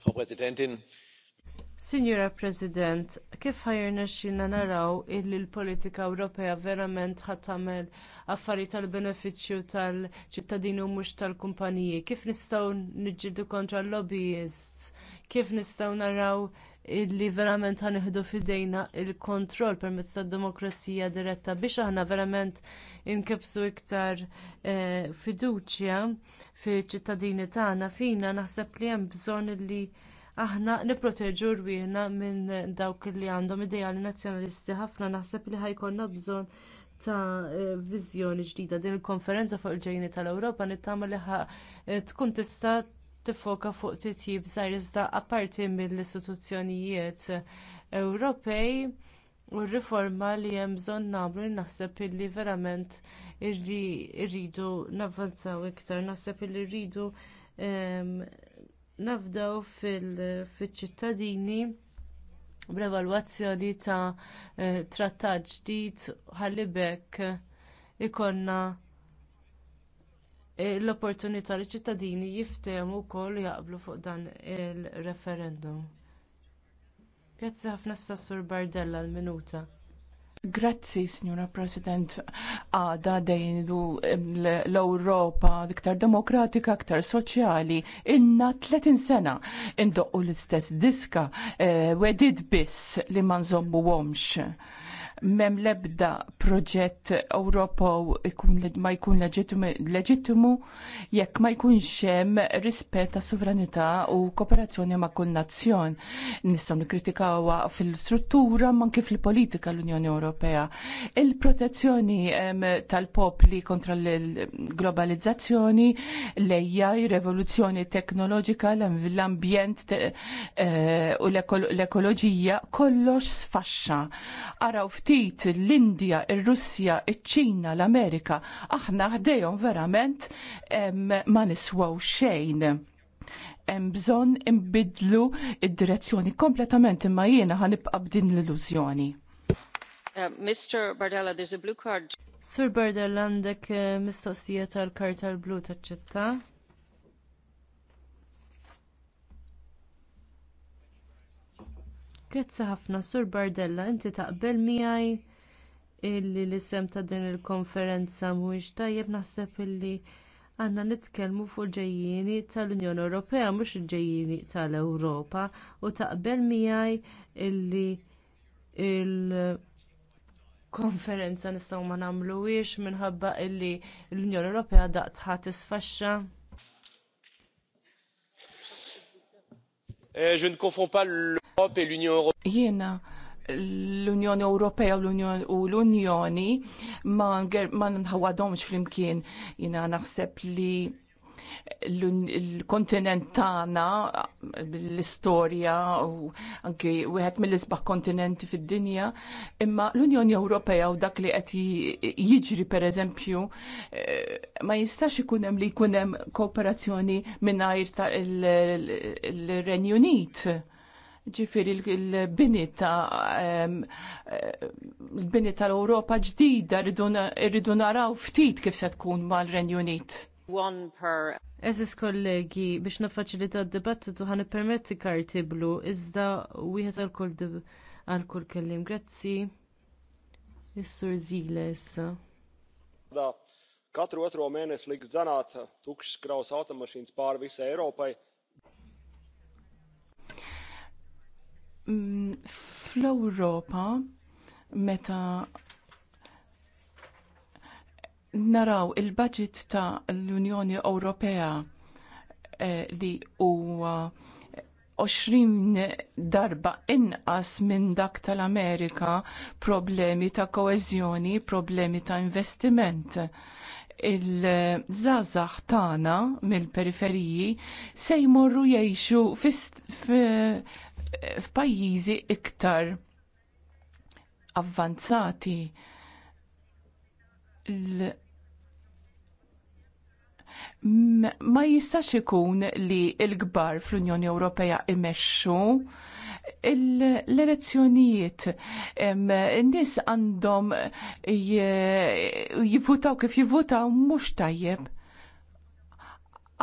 Frau Präsidentin, Signora President, kif ħajrna xina naraw illi l-politika Ewropea verament ħat tagħmel affarijiet tal-benefiċċju tal-ċittadini u mhux tal-kumpaniji? Kif nistgħu niġġieldu kontra l-lobbyists? Kif nistgħu naraw illi verament ħaniħdu fidejna l kontroll permezz tad-demokrazija diretta biex aħna verament inkebsu iktar eh, fiduċja fiċ ċittadini tagħna fina naħseb li hemm bżonn illi aħna nipproteġu rwieħna minn dawk li għandhom ideali nazzjonalisti ħafna naħseb li ħajkonna bżonn ta' eh, viżjoni ġdida din il-konferenza fuq il-ġejni tal-Ewropa nittama li eh, tkun tista' tiffoka fuq titjib żgħir iżda apparti mill-istituzzjonijiet Ewropej u r-riforma li hemm bżonn nagħmlu li naħseb illi verament irridu navvanzaw iktar, naħseb illi rridu ehm, nafdaw fil-ċittadini b'revalwazzjoni ta' eh, trattat ġdid ħallibek bekk ikonna eh, l-opportunità li ċittadini jiftehmu wkoll jaqblu fuq dan ir referendum Grazzi ħafna Sassur Bardella l-minuta. Grazzi, Signora President. Għada dejnu l-Europa iktar demokratika, iktar soċjali. Inna 30 sena indoqqu l-istess diska, eh, wedid biss li ma nżommu womx mem lebda proġett Ewropew ikun ma jkun leġittimu jekk ma jkunx hemm rispett ta' sovranità u kooperazzjoni ma' kull nazzjon. Nistgħu nikkritikawha fil-struttura ma kif fil-politika l-Unjoni Ewropea. Il-protezzjoni ehm, tal-popli kontra l-globalizzazzjoni, l-AI, rivoluzzjoni teknoloġika, l-ambjent eh, u l-ekoloġija kollox sfaxxa. Araw ftit l-Indja, ir-Russja, iċ-Ċina, l-Amerika, aħna ħdejhom verament ma niswaw xejn. Hemm bżonn imbidlu id-direzzjoni kompletament imma jiena ħanibqa' b'din l-illużjoni. Uh, Mr. Bardella, there's a blue card. Sur Bardella, għandek eh, mistoqsija tal-karta l-blu taċċetta. Grazzi ħafna Sur Bardella, inti taqbel miħaj illi l-isem ta' din il-konferenza mhuwiex tajjeb naħseb illi għandna nitkellmu fuq ġejjini tal-Unjoni Ewropea mhux il-ġejjieni tal-Ewropa u taqbel miħaj illi il- konferenza nistgħu ma nagħmluhiex minħabba illi l-Unjoni Ewropea daqtħa tisfaxxa. Eh, je ne confonds pas le Jiena l-Unjoni Ewropea u l-Unjoni ma nħawadomx flimkien jiena naħseb li l-kontinent tagħna l-istorja u anki wieħed mill-isbaħ kontinenti fid-dinja, imma l-Unjoni Ewropea u dak li qed jiġri pereżempju eh, ma jistax ikun hemm li jkun hemm kooperazzjoni mingħajr l renju Unit ġifiri l-bini ta' l-bini tal-Europa ġdida rridu naraw ftit kif se tkun mal-Renju Unit. Eżis kollegi, biex naffaċilita d-dibattitu ħan permetti karti blu, iżda wieħed għal-kull għal-kull kellim. Grazzi. is Zile issa. Da, katru għetru għomenes li gżanat tukx kraw sawta maċin spar visa Europaj, Mm, fl europa meta naraw il-budget ta' l-Unjoni Ewropea eh, li huwa 20 darba inqas minn dak tal-Amerika problemi ta' koeżjoni, problemi ta' investiment. Il-żazax tagħna mill-periferiji se jmorru jgħixu f'pajjiżi iktar avvanzati ma jistax ikun li l-kbar fl-Unjoni Ewropea imexxu l-elezzjonijiet n-nis għandhom jivvutaw kif jivvutaw mhux tajjeb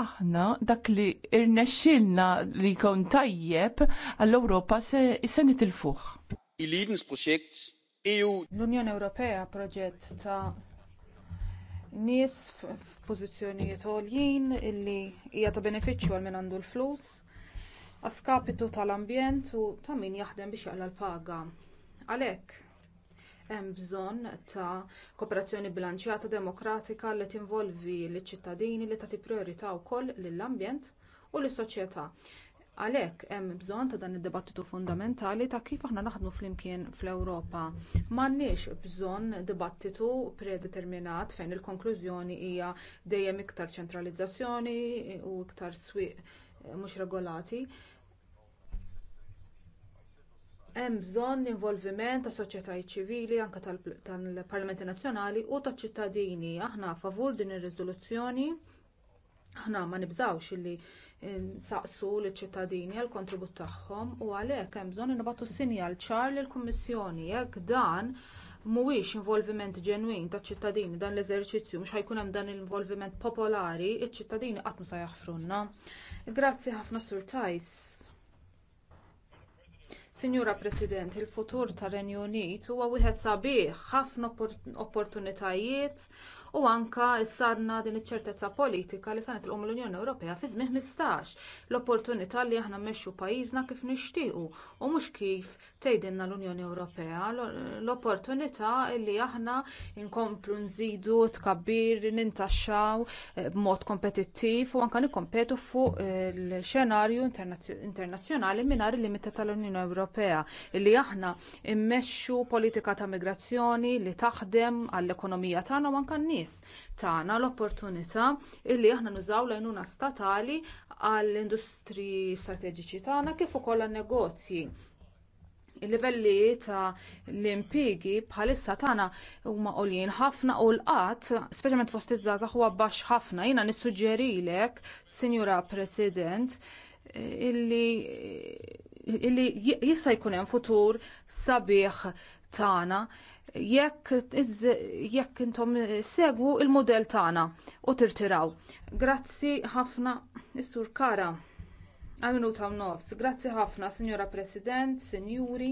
aħna dak li irnexxilna li jkun tajjeb għall-Ewropa se, se nitilfuh. Il-Leadensprojekt EU. L-Unjoni Ewropea proġett ta' nies f'pożizzjonijiet għoljin illi hija ta' benefiċċju għal min għandu l-flus għaskapitu tal-ambjent u ta' min jaħdem biex jaqla l-paga. Għalhekk hemm bżonn ta' kooperazzjoni bilanċjata demokratika li tinvolvi liċ ċittadini li tagħti priorità wkoll lill-ambjent u lis-soċjetà. Għalhekk hemm bżonn ta' dan id-dibattitu fundamentali ta' kif aħna naħdmu flimkien fl-Ewropa. M'għandniex bżonn dibattitu predeterminat fejn il-konklużjoni hija dejjem iktar ċentralizzazzjoni u iktar swieq mhux regolati hemm bżonn involviment ta' soċjetajiet ċivili anke tal-Parlamenti Nazzjonali u taċ-ċittadini. Aħna favur din ir-riżoluzzjoni aħna ma nibżawx li nsaqsu liċ ċittadini għall kontribut tagħhom u għalhekk hemm bżonn inbagħtu sinjal ċar lill-Kummissjoni jekk dan mhuwiex involviment ġenwin taċ ċittadini dan l-eżerċizzju mhux ħajkun hemm dan l-involviment popolari, iċ-ċittadini qatt ma se jaħfrunna. Grazzi ħafna Sur Tajs. Sinjura President, il-futur tar-Renju Unit huwa wieħed sabiħ ħafna opportunitajiet u anka s-sadna din iċ-ċertezza politika li sanet l mill l-Unjoni Ewropea fi żmien mistax. l-opportunità li aħna mmexxu pajjiżna kif nixtiequ u mhux kif tgħidilna l-Unjoni Ewropea l-opportunità li aħna nkomplu nżidu tkabbir nintaxxaw eh, b'mod kompetittiv u anke nikkompetu fuq il-xenarju eh, internazzjonali mingħajr il-limita tal-Unjoni Ewropea li aħna mmexxu politika ta' migrazzjoni li taħdem għall-ekonomija tagħna u anke n-nies nies tagħna l-opportunità illi aħna nużaw l-għajnuna statali għall-industri strateġiċi tagħna kif ukoll għan-negozji il-livelli ta' l-impigi bħalissa tagħna huma għoljin ħafna u l-qatt, speċjalment fost iż-żgħażagħ huwa baxx ħafna. Jiena nissuġġerilek, Sinjura President, illi illi jista' jkun hemm futur sabiħ tagħna jekk jekk intom segwu il-modell tagħna u tirtiraw. Grazzi ħafna is-Sur Kara. Għaminu ta' nofs. Grazzi ħafna, Sinjora President, Sinjuri.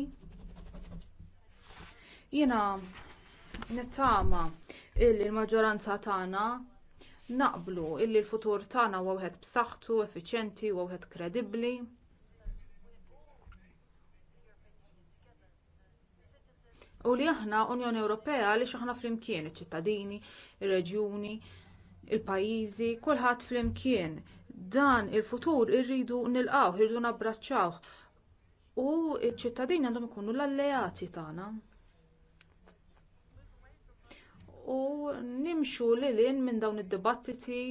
Jena nittama il-maġġoranza tagħna naqblu illi l-futur tagħna huwa wieħed b'saħħtu, effiċjenti, huwa wieħed kredibbli u li aħna Unjoni Ewropea li aħna flimkien iċ-ċittadini, ir-reġjuni, il-pajjiżi, kulħadd flimkien. Dan il-futur irridu nilqgħu, irridu nabbraċċawh u ċ-ċittadini għandhom ikunu l-alleati tagħna. U nimxu lilin minn dawn id-dibattiti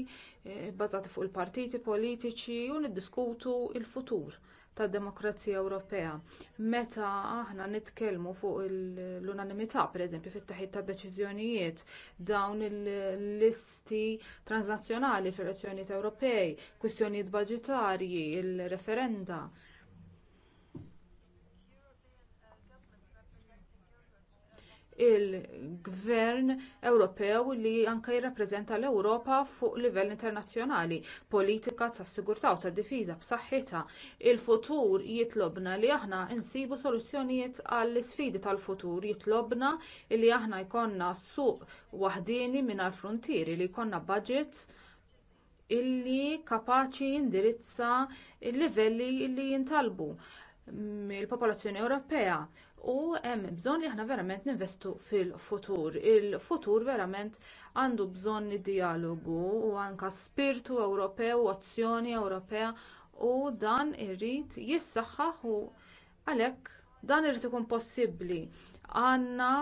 bbażati eh, fuq il-partiti politiċi u niddiskutu l futur tad-Demokrazija Ewropea. Meta aħna nitkellmu fuq l-unanimità, pereżempju fit-taħid ta' deċiżjonijiet dawn il-listi transnazzjonali fir-Rezzjonijiet Ewropej, kwistjonijiet baġitarji, il referenda il-gvern Ewropew li anke jirrappreżenta l-Ewropa fuq livell internazzjonali, politika tas sigurtà u tad-difiża b'saħħitha. Il-futur jitlobna li aħna insibu soluzzjonijiet għall isfidi tal-futur, jitlobna li aħna jkollna suq minn mingħajr frontieri li jkollna budget illi kapaċi jindirizza l-livelli li jintalbu mill-popolazzjoni Ewropea u hemm bżonn li aħna verament ninvestu fil-futur. Il-futur verament għandu bżonn dialogu u anke spirtu Ewropew u azzjoni Ewropea u dan irrid jissaħħaħ u għalhekk dan irrid ikun possibbli. Għandna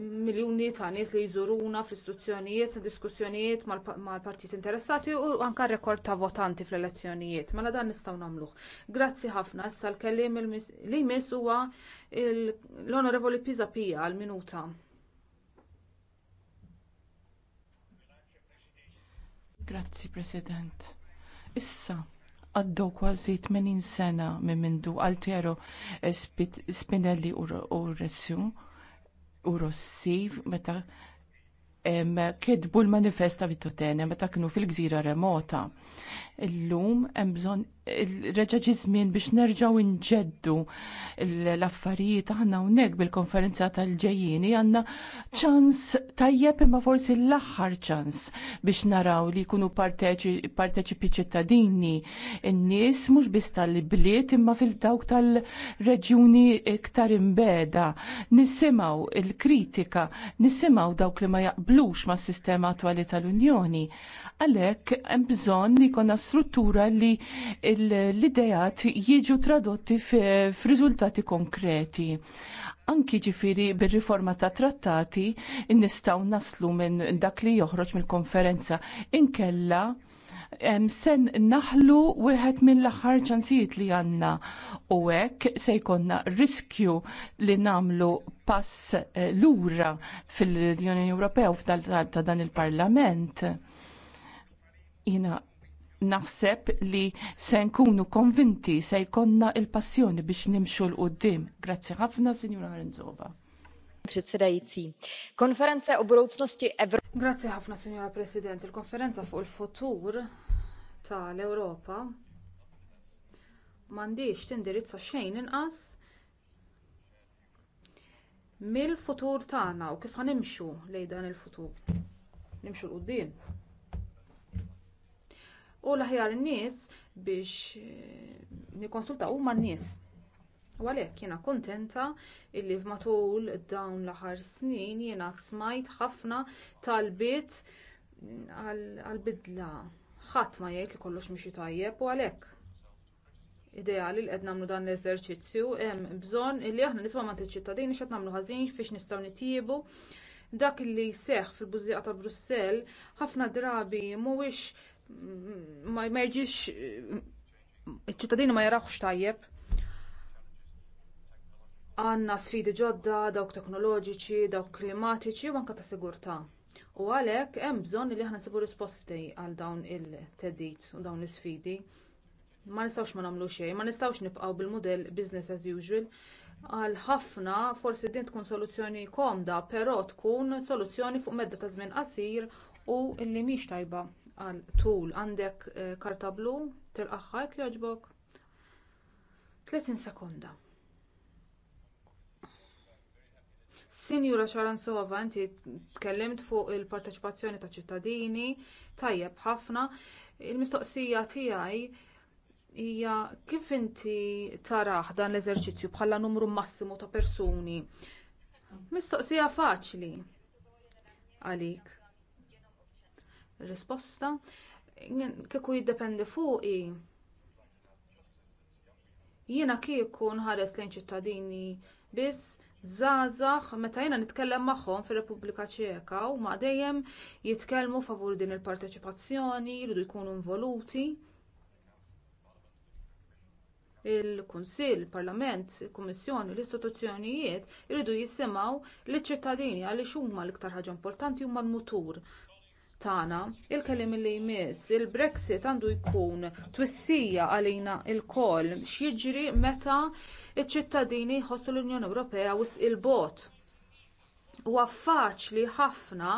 miljuni ta' nies li jżuruna fl-istituzzjonijiet, diskussjonijiet mal-partit interessati u anke rekord ta' votanti fl-elezzjonijiet. Mela dan nistgħu nagħmluh. Grazzi ħafna issa l-kellim li jmiss huwa l-Onorevoli Pija għall minuta Grazzi President. Issa, għaddew kważi 80 sena minn mindu Altiero Spinelli u Ressu u Russi meta kitbu l-manifesta vitotene meta kienu fil-gżira remota. Illum hemm bżonn reġa' żmien biex nerġgħu nġeddu l-affarijiet aħna hawnhekk bil-konferenza tal-ġejjieni għandna ċans tajjeb imma forsi l-aħħar ċans biex naraw li jkunu parteċipi ċittadini n-nies mhux biss tal-bliet imma fil-dawk tal-reġjuni iktar imbeda. Nisimgħu il-kritika, nisimgħu dawk li ma jaqblux mas-sistema attwali tal-Unjoni. Għalhekk hemm bżonn li jkollna struttura li l-idejat jiġu tradotti f'riżultati konkreti. Anki ġifiri bil-riforma ta' trattati nistaw naslu minn dak li joħroġ mill-konferenza inkella sen naħlu wieħed mill-aħħar ċansijiet li għanna u hekk se jkollna riskju li namlu pass eh, lura fil-Unjoni Ewropea u ta' dan il-Parlament. Jina naħseb li se nkunu konvinti se jkonna il-passjoni biex nimxu l-qoddim. Grazzi ħafna, Signora Renzova. Predsedajci. Konferenza u budoucnosti Grazzi ħafna, signora President. Il-konferenza fuq il-futur tal-Europa mandiċ tindirizza xejn inqas mill-futur tagħna u kif ħanimxu lejn dan il-futur. Nimxu l-qoddim u l-aħjar n-nies biex eh, nikonsultaw huma n-nies. U għalhekk jiena kuntenta illi matul dawn l-aħħar snin jiena smajt ħafna talbiet għal-bidla. Ħadd ma jgħid li kollox mhux tajjeb u għalhekk. Ideali li qed nagħmlu dan l-eżerċizzju hemm bżonn illi aħna nisma' ma' ċittadini x'qed nagħmlu ħażin fiex nistgħu nitjiebu dak li seħħ fil-bużdieqa ta' Brussell ħafna drabi mhuwiex ma jmerġix iċ-ċittadini ma jarawx tajjeb. Għanna sfidi ġodda, dawk teknoloġiċi, dawk klimatiċi u anka ta' sigurtà. U għalhekk hemm bżonn li aħna nsibu risposti għal dawn il-teddit u dawn l-isfidi. Ma nistawx ma nagħmlu xejn, ma nistawx nibqgħu bil-mudell business as usual għal ħafna forsi din tkun soluzzjoni komda, però tkun soluzzjoni fuq medda ta' żmien qasir u illi mhix tajba għal tul għandek eh, karta blu tilqaħħa jekk jogħġbok 30 sekonda. Sinjura Ċaransova, inti tkellimt fuq il-parteċipazzjoni ta' ċittadini, tajjeb ħafna. Il-mistoqsija tiegħi hija kif inti taraħ dan l-eżerċizzju bħala numru massimu ta' persuni. Mistoqsija faċli għalik risposta kieku jiddependi fuqi. Jiena kieku nħares lejn ċittadini biss Zazax, meta jiena nitkellem magħhom fir-Repubblika Ċeka u ma dejjem jitkellmu favur din il-parteċipazzjoni, jridu jkunu involuti. Il-Kunsill, il-Parlament, il-Kummissjoni, l-istituzzjonijiet jridu jisimgħu liċ ċittadini għaliex huma l-iktar ħaġa importanti huma l-mutur tagħna il-kelim li jmiss il-Brexit għandu jkun twissija għalina lkoll x'jiġri meta ċ ċittadini jħossu l-Unjoni Ewropea wis il-bot. Huwa faċli ħafna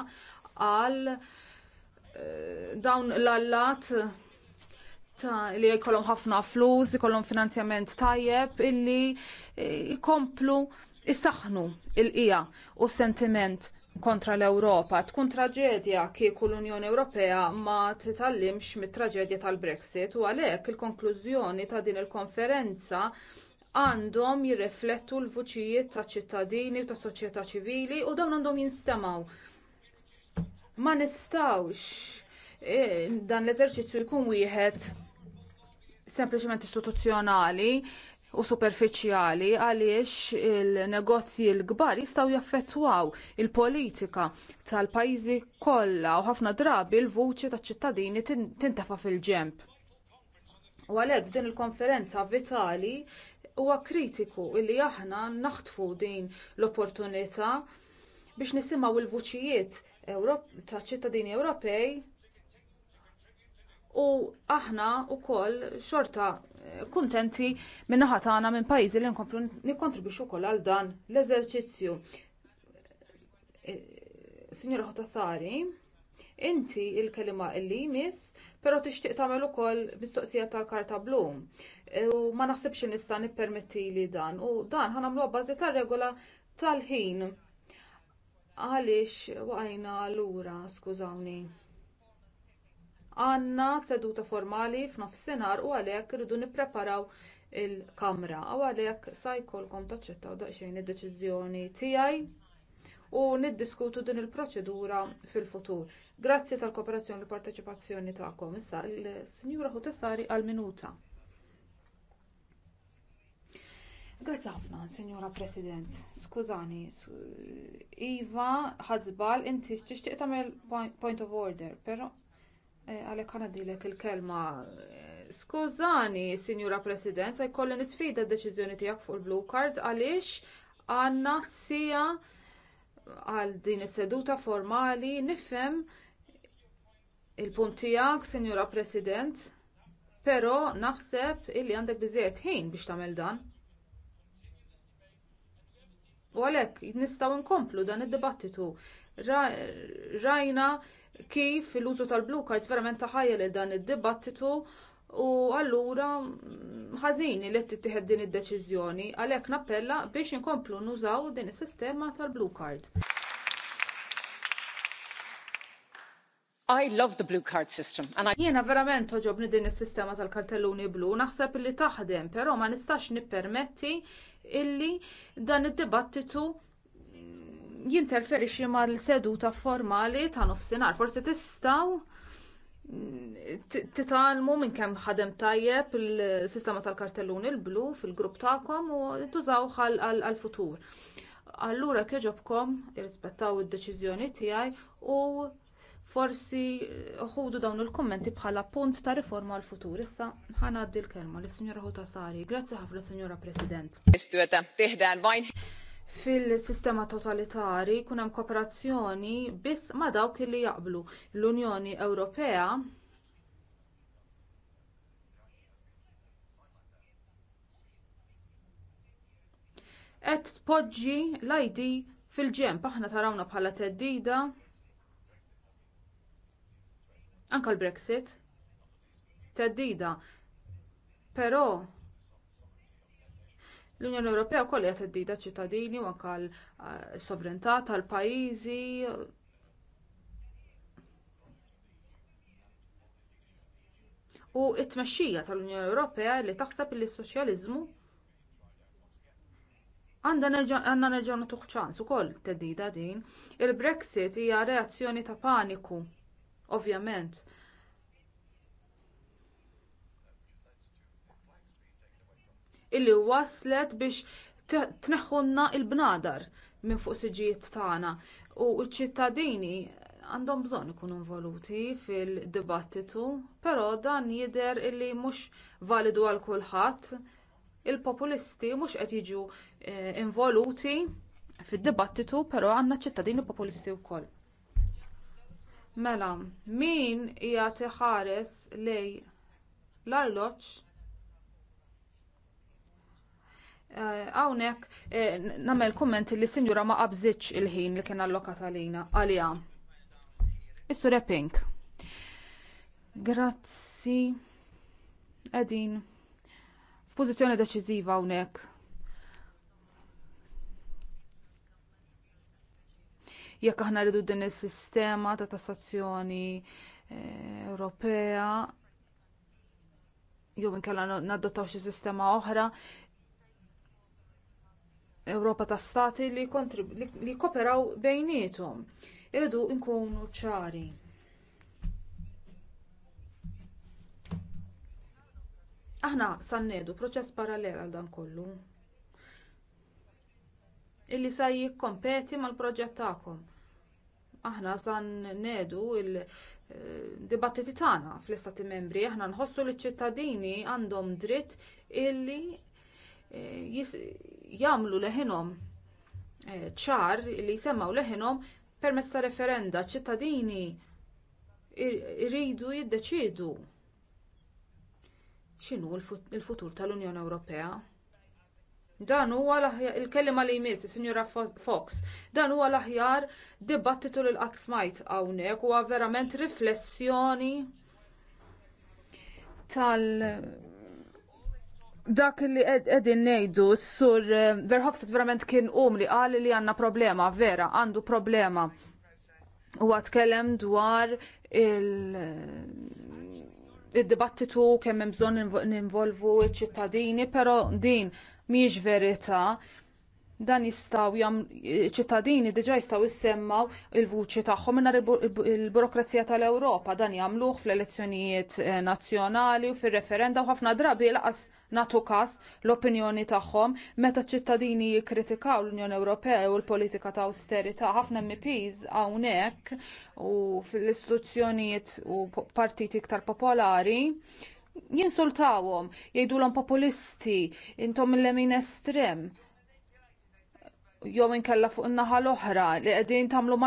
għal eh, dawn l-allat li jkollhom ħafna flus, jkollhom finanzjament tajjeb illi eh, jkomplu isaħħnu il-qija u s sentiment kontra l-Ewropa. Tkun traġedja kieku l-Unjoni Ewropea ma titallimx mit-traġedja tal-Brexit u għalhekk il-konklużjoni ta' din il-konferenza għandhom jirriflettu l-vuċijiet ta' ċittadini u ta' soċjetà ċivili u dawn għandhom jinstemaw. Ma nistawx eh, dan l-eżerċizzju jkun wieħed sempliċement istituzzjonali, u superfiċjali għaliex il-negozji l-kbar jistgħu jaffettwaw il-politika tal-pajjiżi kollha u ħafna drabi l-vuċi taċ-ċittadini tintefa' fil-ġemp. U għalhekk b'din il-konferenza vitali huwa kritiku illi aħna naħtfu din l-opportunità biex nisimgħu il-vuċijiet ta' ċittadini Ewropej u aħna wkoll xorta kuntenti minn ħatana minn pajjiżi li nkomplu nikkontribwixxu wkoll għal dan l-eżerċizzju. E, Signora Hotasari, inti il-kelima illi jmiss, pero tixtieq tagħmel ukoll mistoqsija tal-karta blu. E, u ma naħsibx nista' nippermetti li dan u dan ħanamlu bażi tar-regola tal-ħin. Għaliex waqajna lura, skużawni għanna seduta formali f'nofsinhar u għalhekk irridu nippreparaw il-kamra. U għalhekk sa jkollkom taċċettaw daqsxejn id-deċiżjoni tiegħi u niddiskutu din il-proċedura fil-futur. Grazzi tal-kooperazzjoni u l-parteċipazzjoni tagħkom. Issa l-Sinjura Hutessari għal-minuta. Grazzi ħafna, Signora President. Skużani, Iva, ħadżbal, inti xtixtieq tagħmel point of order, però Eh, għalhekk dilek il-kelma. Eh, skużani, Sinjura President, se jkolli nisfida d-deċiżjoni tiegħek fuq il-Blue Card għaliex għandna sija għal din is-seduta formali nifhem il-punt tiegħek, Sinjura President, però naħseb illi għandek biżejjed ħin biex tagħmel dan. U għalhekk nistgħu nkomplu dan id-dibattitu. Rajna kif l-użu tal-blue cards verament taħajja lil dan id-dibattitu u allura mm, ħażin li tittieħed din id-deċiżjoni għalhekk nappella biex inkomplu nużaw din is-sistema tal-blue card. I love the blue card system. And I... Jiena verament toġobni din is-sistema tal-kartelluni blu, naħseb li taħdem, però ma nistax nippermetti illi dan id-dibattitu jinterferixxi mal-seduta formali ta' nofsinhar. Forsi tistgħu mm, titalmu minn kemm ħadem tajjeb il-sistema tal-kartellun il-blu fil-grupp tagħkom u tużaw għal-futur. Allura keġobkom irrispettaw id-deċiżjoni tiegħi u forsi uħudu dawn il-kummenti bħala punt ta' riforma għal futur Issa ħana l kelma lis sinjora Hotasari. Grazzi ħafna, Sinjora President fil-sistema totalitari jkun hemm kooperazzjoni biss ma' dawk li jaqblu. L-Unjoni Ewropea qed tpoġġi l-ID fil ġenb aħna tarawna bħala theddida anke l-Brexit theddida però L-Unjoni Ewropea wkoll qed teddida ċittadini u anke s eh, sovranità tal-pajjiżi u t tmexxija tal-Unjoni Ewropea li taħseb li s-soċjaliżmu għandna nerġa' nagħtuh ċans ukoll teddida din. Il-Brexit hija reazzjoni ta' paniku, ovvjament, illi waslet biex tneħħunna l bnadar minn fuq siġijiet tagħna u ċ-ċittadini għandhom bżonn ikunu involuti fil-dibattitu, però dan jidher illi mhux validu għal kulħadd il-populisti mhux qed jiġu eh, involuti fid-dibattitu, però għandna ċittadini populisti wkoll. Mela, min hija tiħares lejn l-arloġġ Eh, hawnhekk namel eh, nagħmel li sinjura ma qabżitx il-ħin li kien allokat għalina għalija. Issu repink. Grazzi. Edin. F'pożizzjoni deċiziva hawnhekk. jekk aħna rridu din is-sistema ta' tassazzjoni eh, Ewropea jew inkella naddottaw xi sistema oħra, Ewropa ta' stati li, li, li koperaw bejnietom. Irridu nkunu ċari. Aħna sannedu proċess parallel għal dan kollu. Illi sa jikkompeti mal-proġett tagħkom. Aħna sannedu il-dibattiti eh, tagħna fl-istati membri, aħna nħossu li ċ-ċittadini għandhom dritt illi Eh, jagħmlu leħinhom eh, ċar li jsemmaw leħinhom permezz ta' referenda ċittadini jridu jiddeċiedu x'inhu l-futur tal-Unjoni Ewropea. Dan huwa il-kelima li jmiss, Sinjura Fox, dan huwa l-aħjar dibattitu l qatt smajt hawnhekk huwa verament riflessjoni tal dak li edin nejdu sur eh, Verhofstadt verament kien um li għal li għanna problema, vera, għandu problema. U għatkellem dwar il-dibattitu il kemm hemm bżonn ninvolvu ċ-ċittadini, però din mhijiex verità dan jistaw jam ċittadini diġa jistaw jissemmaw il-vuċi tagħhom minna il-burokrazija tal-Ewropa dan jagħmluh fl-elezzjonijiet eh, nazzjonali u fir-referenda u ħafna drabi laqas natu kas l-opinjoni tagħhom meta ċittadini jikkritikaw l-Unjoni Ewropea u l-politika ta' austerità ħafna MPs hawnhekk u fl-istituzzjonijiet u partiti iktar popolari jinsultawhom, jgħidulhom populisti, intom l lemin estrem jew inkella fuq in-naħa l-oħra li qegħdin tagħmlu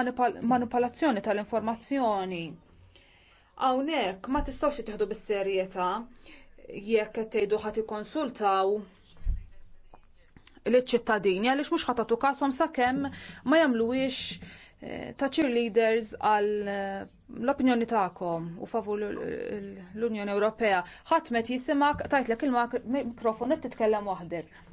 manipolazzjoni tal-informazzjoni. Hawnhekk ma tistgħux tieħdu bis-serjetà jekk qed tgħidu ħadd ikkonsultaw liċ-ċittadini għaliex mhux ħatatu kasom sakemm ma jagħmluwiex eh, ta' cheerleaders għal eh, l-opinjoni tagħkom u favur l-Unjoni Ewropea. Ħadd met jisimak tajtlek il-mikrofon qed titkellem waħdek.